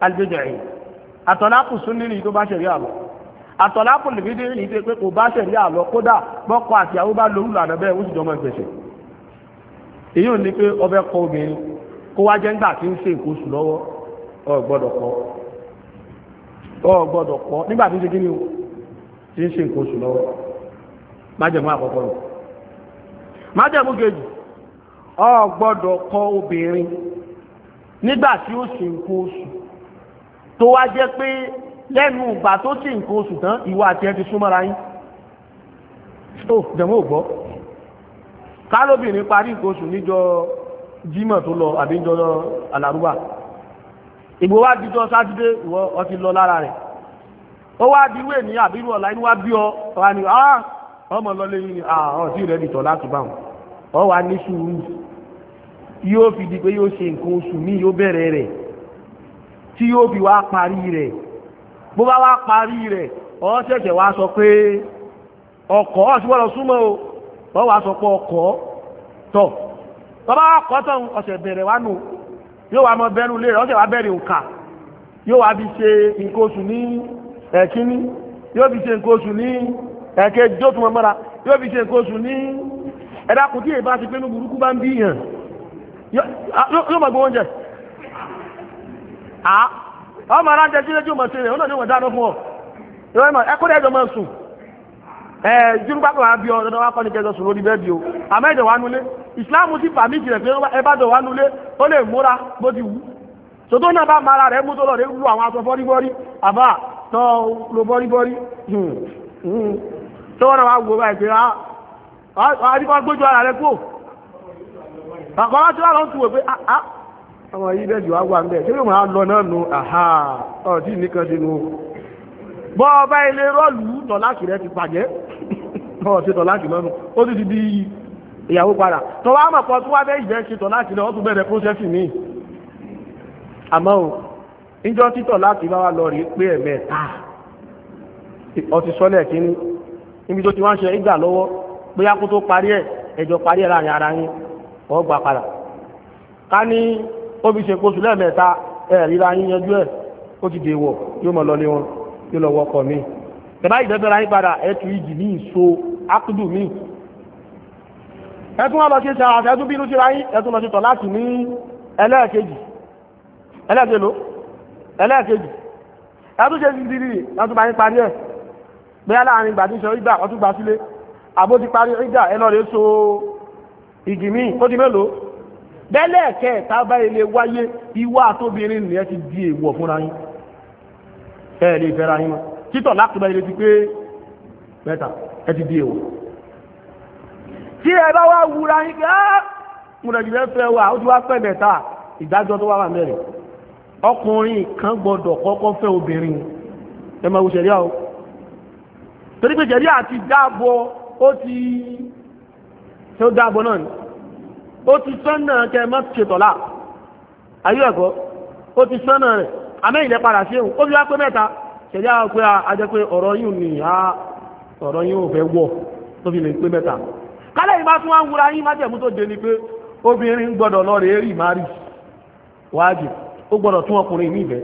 albid'i àtọ̀lá kù sunni ni èyí ò ní pé ọbẹ̀ kọ obìnrin kó wá jẹ́ ńgbà tí ń ṣe nǹkan lọ́wọ́ ọ gbọ́dọ̀ kọ́ ọ gbọ́dọ̀ kọ́ nígbà tó ṣe kí ni o ti ń ṣe nǹkan oṣù lọ́wọ́ májẹ̀mú àkọ́kọ́ rẹ̀ májẹ̀mú kejì ọ gbọ́dọ̀ kọ́ obìnrin nígbà tí ó ṣe nǹkan oṣù tó wá jẹ́ pé lẹ́nu ìgbà tó ṣe nǹkan oṣù tán ìwà àti ẹ ti súnmọ́ra yín ó jẹ̀mú ò kálóbìnrin parí nǹkan oṣù níjọ́ Jímọ̀ tó lọ àbíjọ́ alárúbà ìgbò wá sátidé ìwọ ọtí lọ lára rẹ̀ ó wá di wé ní àbírú ọ̀la inú wá bí ọ wá ní ah, ọmọ lọlé yìí ah, rẹ̀ dìtọ̀ láti bá ọ wá ní sùúrù yóò fi di pé yóò ṣe nǹkan oṣù ní yóò bẹ̀rẹ̀ rẹ̀ tí yóò fi wá parí rẹ̀ bó bá ọ ṣẹ̀ṣẹ̀ wá o ọ wá sọ pé ọkọ̀ tọ̀ tọ́ bá wá yóò wá mọ bẹ́rù lé rẹ̀ ọ́sẹ̀ wá bẹ̀rẹ̀ òǹkà yóò wá bí ṣe nǹkan oṣù ní ẹ̀kíní yóò bí ṣe nǹkan oṣù ní ẹ̀kẹ́ jó tún mọ́ra yóò bí ṣe nǹkan oṣù ní ẹ̀dàkùn tí èèbá ti pé ní burúkú bá ń bí yàn yóò mọ̀ gbọ́ oúnjẹ tí mọ̀ sí rẹ̀ ó náà mọ̀ dáná fún ọ ẹkọ́ sùn bí ìsìláàmù ti fàmí jìnà pé ẹbádọ̀ wà nulẹ̀ ó lè múra bó ti wù sọ́tọ́ náà bá mara rẹ̀ mú tó lọ rẹ̀ lu àwọn aṣọ bọ́ríbọ́rí àbá tọ́ lo bọ́ríbọ́rí tó hmm, hmm. wọ́n náà wá wò báyìí pé a rí wọ́n gbójú ara rẹ̀ kó àkọ́ wá tí wọ́n lọ ń tu wò pé àwọn ah, ah. yìí bẹ́ẹ̀ jù wá wà ń bẹ̀ ṣé yóò máa lọ náà nu àhà ọ̀dí nìkan sínú bọ́ ọba di ìyàwó padà tó wá mọ̀ pọ̀ tó wá bẹ́ ìjẹ́ ṣetọ̀ láti lọ tó bẹ̀rẹ̀ prósẹ́sì ní àmọ́ ò ìjọ títọ̀ láti bá wá lọ rí pé ẹ̀mẹ́ta ọtí sọ́lẹ̀ kíní níbi tó ti wá ń ṣe ìgbà lọ́wọ́ bóyá kó tó parí ẹ̀ ẹjọ́ parí ẹ̀ láàrin ara yín wọ́n gbà padà ká ní ó fi ṣe kóṣù lẹ́ẹ̀mẹ́ta ẹ̀ ríra yín yanjú ẹ̀ ó ti dèwọ̀ yóò mọ̀ lọlé wọn yóò lọ wọkọ̀ mi ẹ̀ bá ìdẹ́bẹ̀rẹ̀ yín ìjì ní ìso ákùdù míì ẹtún wọn lọ sí ṣáà ẹtún bínú síra yín ẹtún lọ sí tọ̀ láti ní ẹlẹ́ẹ̀kejì ẹlẹ́ẹ̀kejì ẹlẹ́ẹ̀kejì ẹtún ṣe dídí ẹtún bá yín parí ẹ̀ pé aláàrin gbàdí ṣe ìgbà ọtún gbà sílé àbó ti parí ìgbà ẹ lọ́ọ́ rẹ̀ so ìgì míì ó di mélòó di èèwọ̀ fúnra yín ẹ̀ lè fẹ́ra yín mọ́ títọ̀ láti bá ilé ti tí ẹ bá wá wúra yín pé áá ah, mùdàjìlẹ̀ fẹ́ wà ó ti wá pẹ́ mẹ́ta ìdájọ́ tó wà wà mẹ́rin ọkùnrin kan gbọ́dọ̀ kọ́kọ́ fẹ́ obìnrin ẹ máa wo o torí pé ṣẹ̀ríà ti dáàbò ó ti ṣe ó dáàbò náà ni ó ti sọ́nà kẹ mọ́ ṣètọ́lá ayé ẹ̀kọ́ ó ti sọ́nà rẹ̀ amẹ́yìnlẹ̀ padà sí ẹ̀hùn ó fi wá pé mẹ́ta ṣẹ̀ríà pé a jẹ́ pé ọ̀rọ̀ yìí ni ọ̀rọ̀ yìí ò fẹ́ wọ̀ tó fi lè pé mẹ́ta tún wá ń wúra yín májẹ̀mú tó dé ni pé obìnrin gbọ́dọ̀ lọ rèé rì má wájì ó gbọ́dọ̀ tún ọkùnrin mi ìfẹ́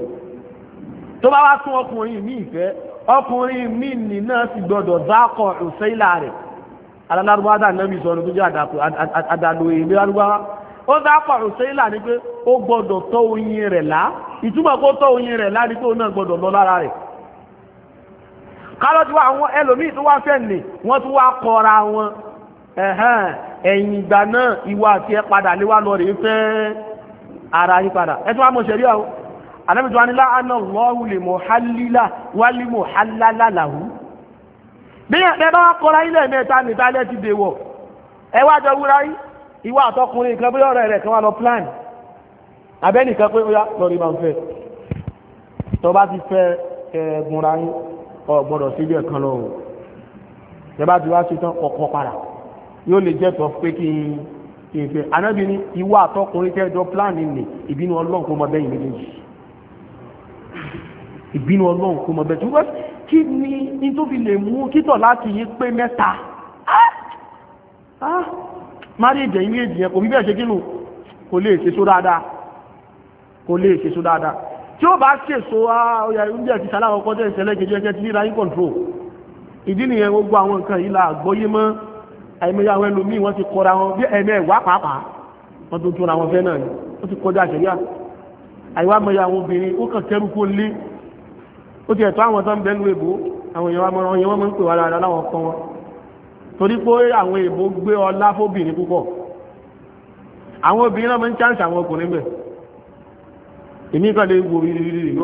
tó bá wá tún ọkùnrin mi ìfẹ́ ọkùnrin mi nì náà sì gbọ́dọ̀ dákọ̀ òṣè ìlà rẹ̀ tó jẹ́ àdàlù ó òṣè ìlà ni pé ó gbọ́dọ̀ tọ́ oyin rẹ̀ lá ìtumọ̀ kó tọ́ ni pé ẹ̀yìn ìgbà náà ìwà àti ẹ padà léwà lọ rèé fẹ́ ara yí padà ẹ tó wá mọ̀ ṣẹ̀rí àwọn anábìtò anílá aná lọ́wọ́ lè mọ̀ hálílà wálé mọ̀ hálálà làwú bí ẹ bá kọ́ra ilẹ̀ mẹ́ta nìta ilẹ̀ ti dèwọ̀ ẹ wá jọ wúra yí ìwà àtọkùnrin kan bí ọ̀rẹ́ rẹ̀ kan wá lọ plan abẹ́nìkan pé ó yá lọ́rí máa ń fẹ́ tó bá ti fẹ́ ẹ̀ẹ́gùnra yín ọ̀gbọ́dọ̀ síbi ẹ̀kan lọ́wọ́ ẹ bá ti wá ṣetán ọ̀kọ̀ padà yóò lè jẹ́ tọ́ pé kí n kí n fẹ́ anábì ní ìwà àtọkùnrin tẹ́ jọ pílánì nì ìbínú ọlọ́run kó mọ bẹ́yìn méjèèjì ìbínú ọlọ́run kó mọ bẹ́ẹ̀ tí wọ́n kí ni ní tó fi lè mú títọ̀ láti yí pé mẹ́ta márí ìjẹ̀ ilé ìjìyàn kò bíbẹ̀ ṣe kínú kò lè ṣe só dáadáa kò lè ṣe só dáadáa tí ó bá ṣe só ah, ọya control ìdí nìyẹn gbogbo àwọn nǹkan yìí àgbọ́yé mọ́ àìmọye àwọn ẹlòmíì wọ́n ti kọra wọn bí ẹ̀mẹ́ wá pàápàá wọ́n tó tún ra wọn fẹ́ náà ni ó ti kọjá àṣẹyà àìwá mọye àwọn obìnrin ó kàn kẹrù kó lé ó ti ẹ̀tọ́ àwọn tó ń bẹ́nu èbó àwọn èèyàn wọn yẹn wọ́n máa ń pè wá lára láwọn kan wọn torí pé àwọn èèbó gbé ọlá fóbìnrin púpọ̀ àwọn obìnrin náà máa ń chance àwọn ọkùnrin bẹ̀ èmi kan lè wo ìrìnrìnrìn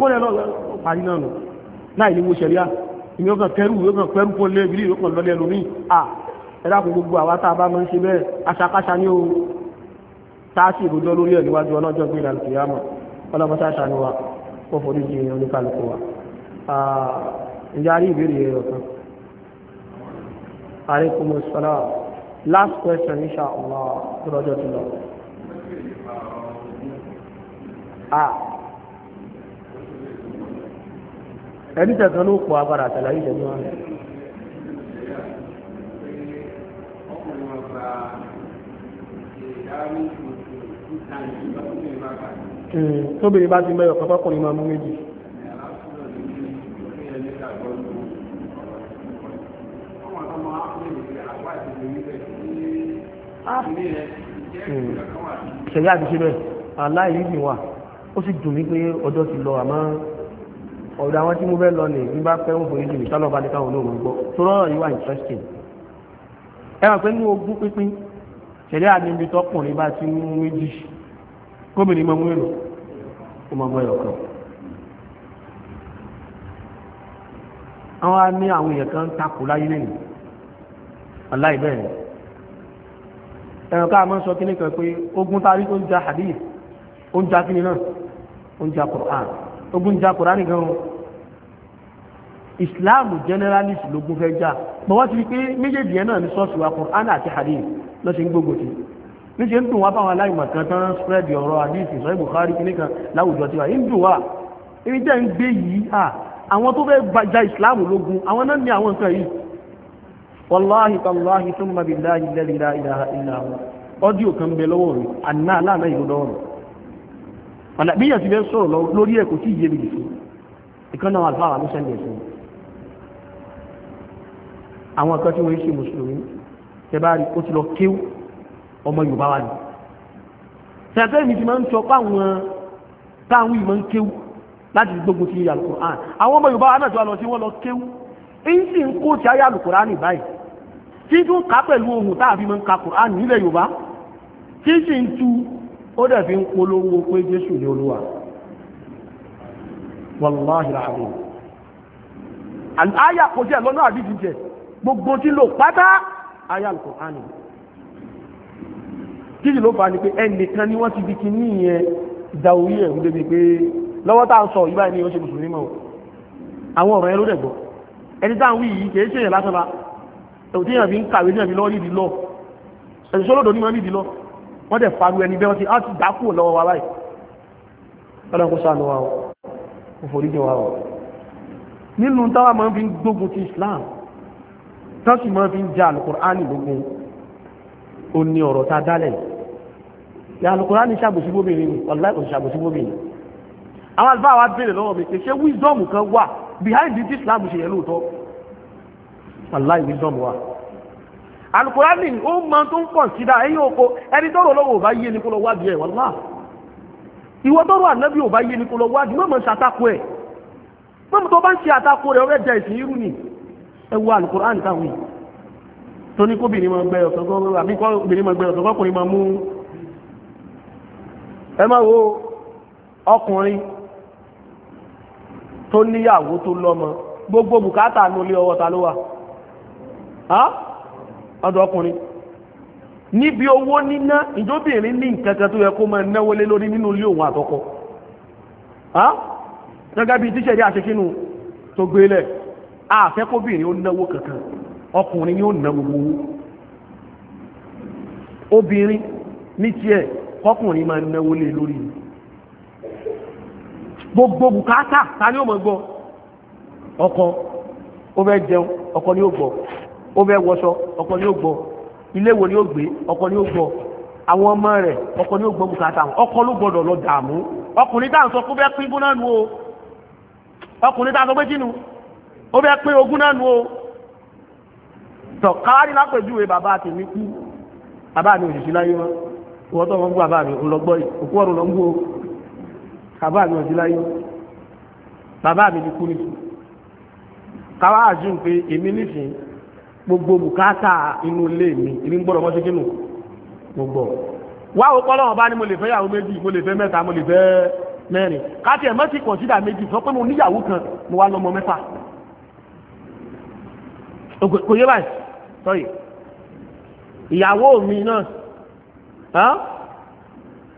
kó lẹ́ lọ́ọ́ parí náà nù láì ní wo ṣẹ̀ríà èmi ó kàn kẹrù ó kàn kẹrù kó lé ìbílẹ̀ ó kàn lọ́lẹ́ lómi à ẹ̀dàkùn gbogbo àwa tá a bá máa ń ṣe bẹ́ẹ̀ aṣakáṣa ní ohun tá a sì rújọ́ lórí ẹ̀ níwájú ọlọ́jọ́ gbé ìlànà ìyámọ̀ ọlọ́mọṣá ṣàánú wa kó forí jì oníkàlùkù wa. ǹjẹ́ a rí ìbéèrè yẹn ọ̀kan? alaikum last question insha allah lọ́jọ́ ti lọ. ẹni tẹ̀sán ló pọ̀ agbára àtàlàyé ìjẹ́jú wọn. Hmm, tóbìnrin bá ti mẹ́yọ̀ kọ́kọ́kùnrin máa mú méjì hmm, ṣẹ̀yà àti ṣe bẹ́ẹ̀ aláìrídì wà ó sì dùn mí pé ọjọ́ ti lọ àmọ́ ọ̀dọ̀ àwọn tí mo fẹ́ lọ nìí bá fẹ́ òfin ìdí mi sálọ̀ bá ní káwọn olóòrùn gbọ́ tó rọ́rọ̀ yìí wà interesting ẹ wà pé ní ogún pínpín ṣẹlẹ̀ àníbi tọkùnrin bá ti mú méjì gómìnà mọ́mú èlò ó mọ́mú ẹ̀rọ kan àwọn á ní àwọn èèyàn kan takò láyé lẹ́nu aláìbẹ̀rẹ̀ ẹ̀rọ ká máa ń sọ kíní kan pé ogun tarí tó ń ja hadith ó ń ja kíní náà ó ń ja Qur'an ogun ń ja Qur'an nìkan ìsìláàmù generalist lógún fẹ́ já bọ̀ wọ́n ti rí pé méjèèjì ẹ̀ náà ní sọ́ọ̀sì wa Kùránì àti hadith lọ́sẹ̀ ń gbogbo ti ní ṣe ń dùn wá báwọn aláìmọ̀ kan tán spread ọ̀rọ̀ hadith ìsọ̀ Bukhari kìíní kan láwùjọ tiwa ń dùn wá ibi jẹ́ ń gbé yìí à àwọn tó fẹ́ ja ìsìláàmù lógún àwọn náà ní àwọn nǹkan yìí wàláhì tàláhì tó mọ bí láàyè lẹ́lẹ́ ìlà ìlà ìlà ọdíò kan bẹ lọ́wọ́ rẹ̀ àná aláàmọ́ ìlú lọ́wọ́ rẹ̀ ọ̀nà bí yẹn ti fẹ́ sọ̀rọ̀ lórí ẹ̀ kò tí ì yé mi jù sí ìkànnà àlùfáà àmúṣẹ́ ń àwọn kan tí wọ́n ṣe mùsùlùmí tẹbárí ó ti lọ kíw ọmọ Yorùbá wa ni tẹ̀fẹ́ mi ti máa ń sọ páwọn táwọn yìí máa ń kíw láti gbogbo ti Al-Qur'an àwọn ọmọ Yorùbá wa náà tó wà lọ sí wọ́n lọ kíw ń sì ń kó ti ayé Al-Qur'an ní báyìí tí tún ká pẹ̀lú ohun táàfin máa ń ka Qur'an nílẹ̀ Yorùbá tí sì ń tu ó dẹ̀ fi ń polówó pé Jésù ní Olúwa wàlláhi ràbí àyà kò jẹ́ lọ́nà àdíjì jẹ́ gbogbo tí lò pátá ayé alukur'ani kíjì ló fà á ni pé ẹnìkan ni wọ́n ti di kíní yẹn ìdáwórí ẹ̀rú débi pé lọ́wọ́ tá à ń sọ ìbá ẹni oṣù mùsùlùmí mọ́ àwọn ọ̀rọ̀ yẹn ló dẹ̀gbọ́ ẹni tá à ń wí yìí kìí ṣèyàn lásán la èyí tí èèyàn fi ń kàwé tí èèyàn fi lọ́ọ́ nídìí lọ ẹ̀sùn sọ́lọ́dọ̀ onímọ̀ nídìí lọ wọ́n dẹ̀ faru ẹni bẹ́ẹ̀ wọ́n ti á ti dákú lọ́wọ́ wa tán sì máa fi ń ja alukur'ani lógun ó ní ọ̀rọ̀ tá a dálẹ̀ yìí alukur'ani ṣàbòsí bóbìnrin ni ọ̀láì kò ṣàbòsí bóbìnrin àwọn àlùfáà wa béèrè lọ́wọ́ mi pé ṣé wisdom kan wà behind the Islam ṣe yẹ lóòótọ́ ọ̀láì wisdom wà alukurani ó máa tó ń pọ̀ sídá ẹ̀yìn oko ẹni tọ́rọ lọ́wọ́ bá yé ní kó lọ wádìí ẹ̀ wọ́lá ìwọ tọ́rọ ànábì ò bá yé ní lọ wádìí mọ́mọ́ ẹwọ alukur'an táwọn yìí tó ní kóbìnrin gbe gbẹ ọ̀sọ̀gọ́ ma kóbìnrin E ma wo kùnrin máa mú ẹ máa wo ọkùnrin tó níyàwó tó lọ́mọ gbogbo bukata nílé ọwọ́ ta ló wà ọ̀dọ̀ ọkùnrin níbi owó níná ìjóbìnrin ní nǹkankan tó yẹ kó ninu náwó lórí nínú ilé òun àtọkọ gẹ́gẹ́ bí tíṣẹ̀dí àṣekínú tó gbélẹ̀ àfẹ́kóbìnrin ó náwó kankan ọkùnrin yóò ná gbogbo owó obìnrin ní tiẹ̀ kọkùnrin máa náwó lé lórí gbogbo bùkátà ta ni ó mọ̀ gbọ́ ọkọ ó fẹ́ jẹun ọkọ ni ó gbọ́ ó fẹ́ wọṣọ ọkọ ni ó gbọ́ ilé wo ni ó gbé ọkọ ni ó gbọ́ àwọn ọmọ rẹ̀ ọkọ ni ó gbọ́ bùkátà ọkọ ló gbọ́dọ̀ lọ dààmú ọkùnrin táà ń sọ kó fẹ́ pín bó nu o ọkùnrin táà sọ pé kí ó fẹ́ pé ogún náà nu o tọ̀ káwárí lápèjúwe bàbá tèmi kú bàbá mi òṣìṣẹ́ láyé wọn ìwọ́n tó wọn gbọ́ bàbá mi ńlọgbọ́ yìí òkú ọ̀run lọ ń gbó bàbá mi òṣìṣẹ́ láyé wọn bàbá mi ti kú nìkú káwá àjùm pé èmi nìsín gbogbo bùkátà inú ilé mi ìní ń gbọ́dọ̀ mọ́ ṣe kínú gbogbo wá o kọ́ lọ́wọ́ bá ní mo lè fẹ́ yàwó méjì mo lè fẹ́ mẹ́ta mo lè fẹ́ mẹ́rin káàtì ẹ̀ mọ́sí méjì sọ pé mo níyàwó kan mo wá lọ́mọ mẹ́fà kò yé báyìí sọyì ìyàwó mi náà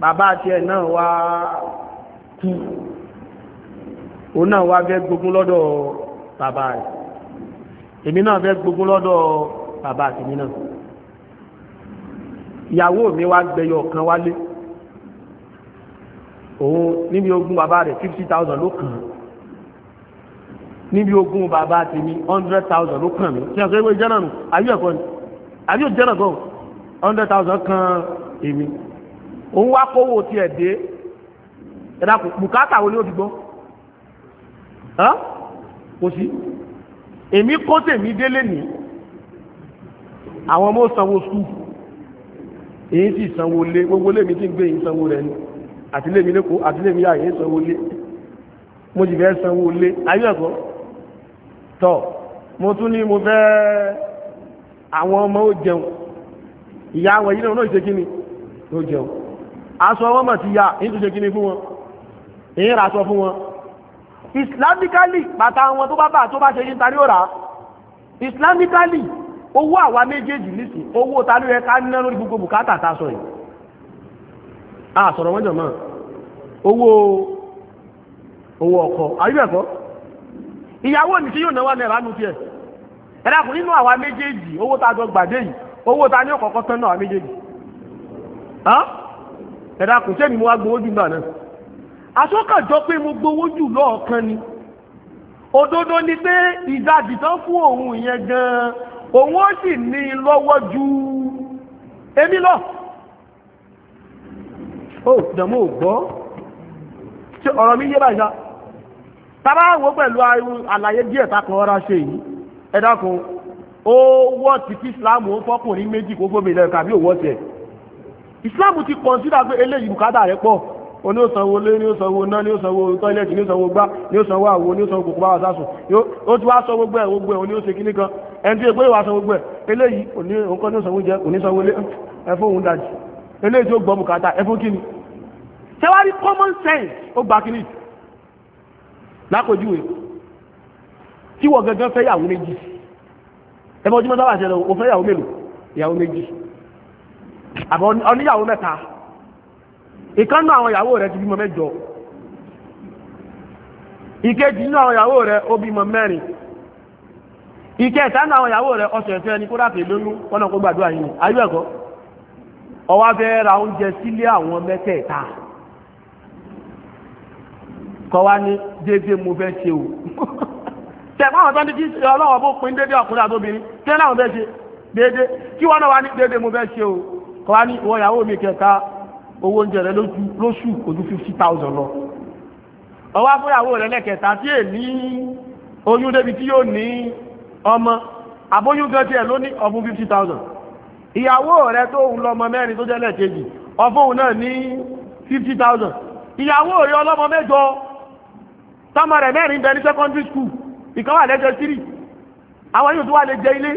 bàbá tiẹ̀ náà wá kú òun náà wá fẹ́ gbógun lọ́dọ̀ bàbá rẹ̀ èmi náà fẹ́ gbógun lọ́dọ̀ bàbá tèmi náà ìyàwó mi wá gbẹyọ kan wálé òun níbi ogún bàbá rẹ̀ fifty thousand ló kàn án níbi ogún bàbá ti ní hundred thousand ló kàn mí tí a sọ pé jẹ́nà nù àbí ẹ̀kọ́ ni àbí ò jẹ́nà gan hundred thousand kan èmi òun wá kówó tiẹ̀ dé ẹ̀dá bùkátà wo ni ó ti gbọ́ kò sí èmi kó tèmi délé ní àwọn ọmọ sanwó skul èyí sì sanwó lé gbogbo lèmi tí ń gbé èyí sanwó rẹ̀ ni àtìlẹ́mi lẹ́kọ̀ọ́ àtìlẹ́mi yà èyí sanwó lé mo sì fẹ́ sanwó lé ayé ẹ̀kọ́ tọ́ mo tún ní mo fẹ́ àwọn ọmọ ó jẹun ìyá àwọn yìí náà ṣe kíni ó jẹun aṣọ wọn mọ̀ sí ya ní tó ṣe kíni fún wọn èyí rà aṣọ fún wọn islamically bàtà wọn tó bá bà tó bá ṣe yín tarí ó rà islamically owó àwa méjèèjì nísìn owó tarí ẹ ká ná lórí gbogbo bùkátà tá a sọ yìí a sọ̀rọ̀ wọ́n jọ̀ mọ́ owó owó ọkọ̀ ayé ìyàwó ní tí yóò náwó náírà nù tiẹ̀ ẹ̀dá kù nínú àwa méjèèjì owó tá a jọ gbàdé yìí owó tá a ní ọ̀kọ̀ọ̀kan tán náà àwa méjèèjì ẹ̀dá kù sẹ́ni mo wá gbowó jù náà náà àsọ́kàjọ pé mo gbowó jù lọ́ọ̀kan ni òdodo ni pé ìdajì tán fún òun yẹn gan òun ó sì ní lọ́wọ́ ju èmi lọ ó dàmú ò gbọ́ ṣé ọ̀rọ̀ mi yé báyìí tàbá wo pẹ̀lú àlàyé díẹ̀ takọ̀ ọ́ra ṣe yìí ẹ dákun ó wọ́ ti kí islam ó fọ́kùnrin méjì kó gómìnà ẹ̀ tàbí òwọ́ tiẹ̀ islam ti kọ̀nsídà pé eléyìí bùkátà rẹ̀ pọ̀ o ní ó sanwó lé ní ó sanwó ná ní ó sanwó tọ́ílẹ̀tì ní ó sanwó gbá ní ó sanwó àwo ní ó sanwó kòkó bá wà sásùn ó ti wá sọ gbogbo ẹ̀ gbogbo ẹ̀ o ní ó ṣe kíní kan ẹni tí ó gbé ìwà sanwó gbẹ eléyìí òní òǹkọ́ ní ó sanwó jẹ òní sanwó lé ẹ fún òun dájú eléyìí tí ó gbọ́ bùkátà ẹ fún kíni ṣé common sense ó gbà kíní lápòjúwe tí wọ́n gangan fẹ́ yàwó méjì ẹmọ ojúmọ́ sábà ṣẹlẹ̀ o fẹ́ yàwó mélòó méjì àbọ̀ oníyàwó mẹ́ta àwọn rẹ̀ ti bímọ mẹ́jọ ìkejì àwọn rẹ̀ ó bímọ mẹ́rin ìkẹta àwọn rẹ̀ ọ̀sẹ̀ kọ́ wá ní déédéé mo fẹ́ ṣe o tẹ̀fọ́ àwọn tán ní kí ọlọ́wọ́ bó pin déédéé ọkùnrin àtóbìnrin tẹ́ láwọn fẹ́ ṣe déédéé kí wọ́n náà wá ní déédéé mo fẹ́ ṣe o ìwọ ìyàwó mi kẹta owó oúnjẹ rẹ lóṣù kò ju fifty thousand lọ ọwọ́ afúnyàwó rẹ lẹ́kẹta tí è ní oyún débi tí yóò ní ọmọ àbóyún gan tiẹ̀ ló ní ọ̀fun fifty thousand ìyàwó rẹ tó ń lọmọ mẹ́rin tó jẹ́ lẹ́ẹ̀kejì ọ̀fun náà ní fifty thousand ìyàwó rẹ ọlọ́mọ mẹ́jọ tọ́mọ rẹ̀ mẹ́rin bẹ ní secondary school ìkan wà lẹ́jọ́ sírì àwọn yóò tó wà lè jẹ ilé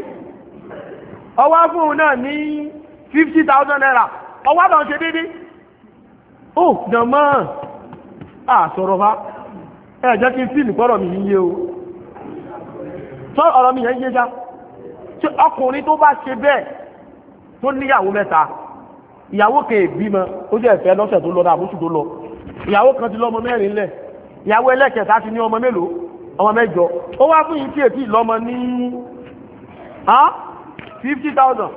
ọwọ́ fún un náà ní fifty thousand naira ọwọ́ bá ń ṣe dédé ó jọmọ́ àsọ̀rọ̀ bá ẹ jẹ́ kí n fíìlì pọ́rọ̀ mi yíyé o tọ́ ọ̀rọ̀ mi yẹn yé já tí ọkùnrin tó bá ṣe bẹ́ẹ̀ tó níyàwó mẹ́ta ìyàwó kan èbí mọ́ ó jẹ́ ìfẹ́ lọ́sẹ̀ tó lọ náà àbúṣù tó lọ ìyàwó kan ti lọ́mọ mẹ́rin lẹ̀ ìyàwó ẹlẹ́kẹta ti ní ọmọ mélòó ọmọ mẹ́jọ ó wá fún yìí tí ètí ìlọ́mọ ní 50,000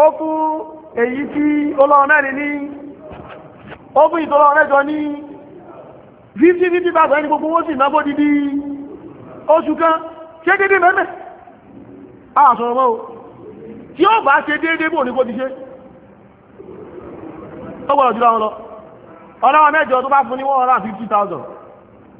ó fún èyí tí olóòrùn mẹ́rin ní ó fún ìtọ́lọ́ mẹ́jọ ní 50,000 ẹni gbogbo owó sì náà bó dídí oṣù kan ṣé dédé mẹ́mẹ́ o tí ó bá ṣe dédé bò ní kó ti ṣe ó gbọ́dọ̀ jùlọ wọn lọ ọlọ́wọ́ mẹ́jọ tó bá fún ní 150,000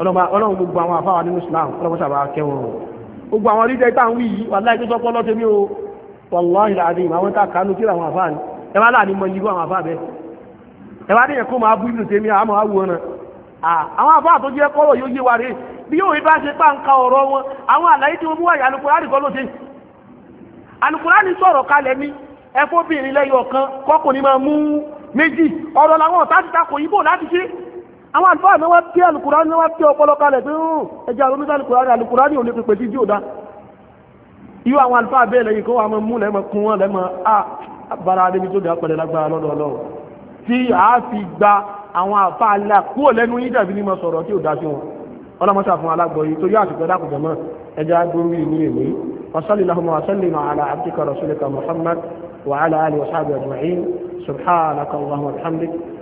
ọlọ́run gbogbo àwọn àfáwà nínú Islam ọlọ́run sábà kẹwọn gbogbo àwọn orílẹ̀ èdè táwọn yìí wà láì tó sọ pọ́ lọ́tẹ́ o wàláhì láàdì àwọn tá kánú kí àwọn àfáà ni ẹ láàrin mọ yìí àwọn àfáà bẹ́ẹ̀ máa bú ìlú àmọ́ àwù ọ̀nà àwọn àfáà tó jẹ́ kọ́rọ̀ yóò yé wa bí yóò bá ṣe pa ọ̀rọ̀ wọn àwọn àlàyé tí wọ́n mú alukurani kọ́ alukurani sọ̀rọ̀ àwọn àlùfáà ni wọ́n tí alùkùránì ni wọ́n tí ọpọlọ kalẹ̀ pé ń ẹja àwọn oníṣẹ́ alùkùránì alùkùránì ò lè pèpè tí yóò dá irú àwọn àlùfáà bẹ́ẹ̀ lẹ́yìn kó wọn mú lẹ́mọ kún wọn lẹ́mọ a bára adébi tó dá pẹ̀lẹ́ lágbára lọ́dọ̀ ọlọ́run tí a fi gba àwọn àfáà ńlá kúrò lẹ́nu yín dàbí ní mo sọ̀rọ̀ tí ò dá sí wọn ọlọ́mọṣà fún alágbọ̀yé torí àsìkò dákùjọ mọ́ ẹja gbórí ìlú èmi وصلي اللهم وسلم على عبدك رسولك محمد وعلى آله وصحبه أجمعين سبحانك اللهم وبحمدك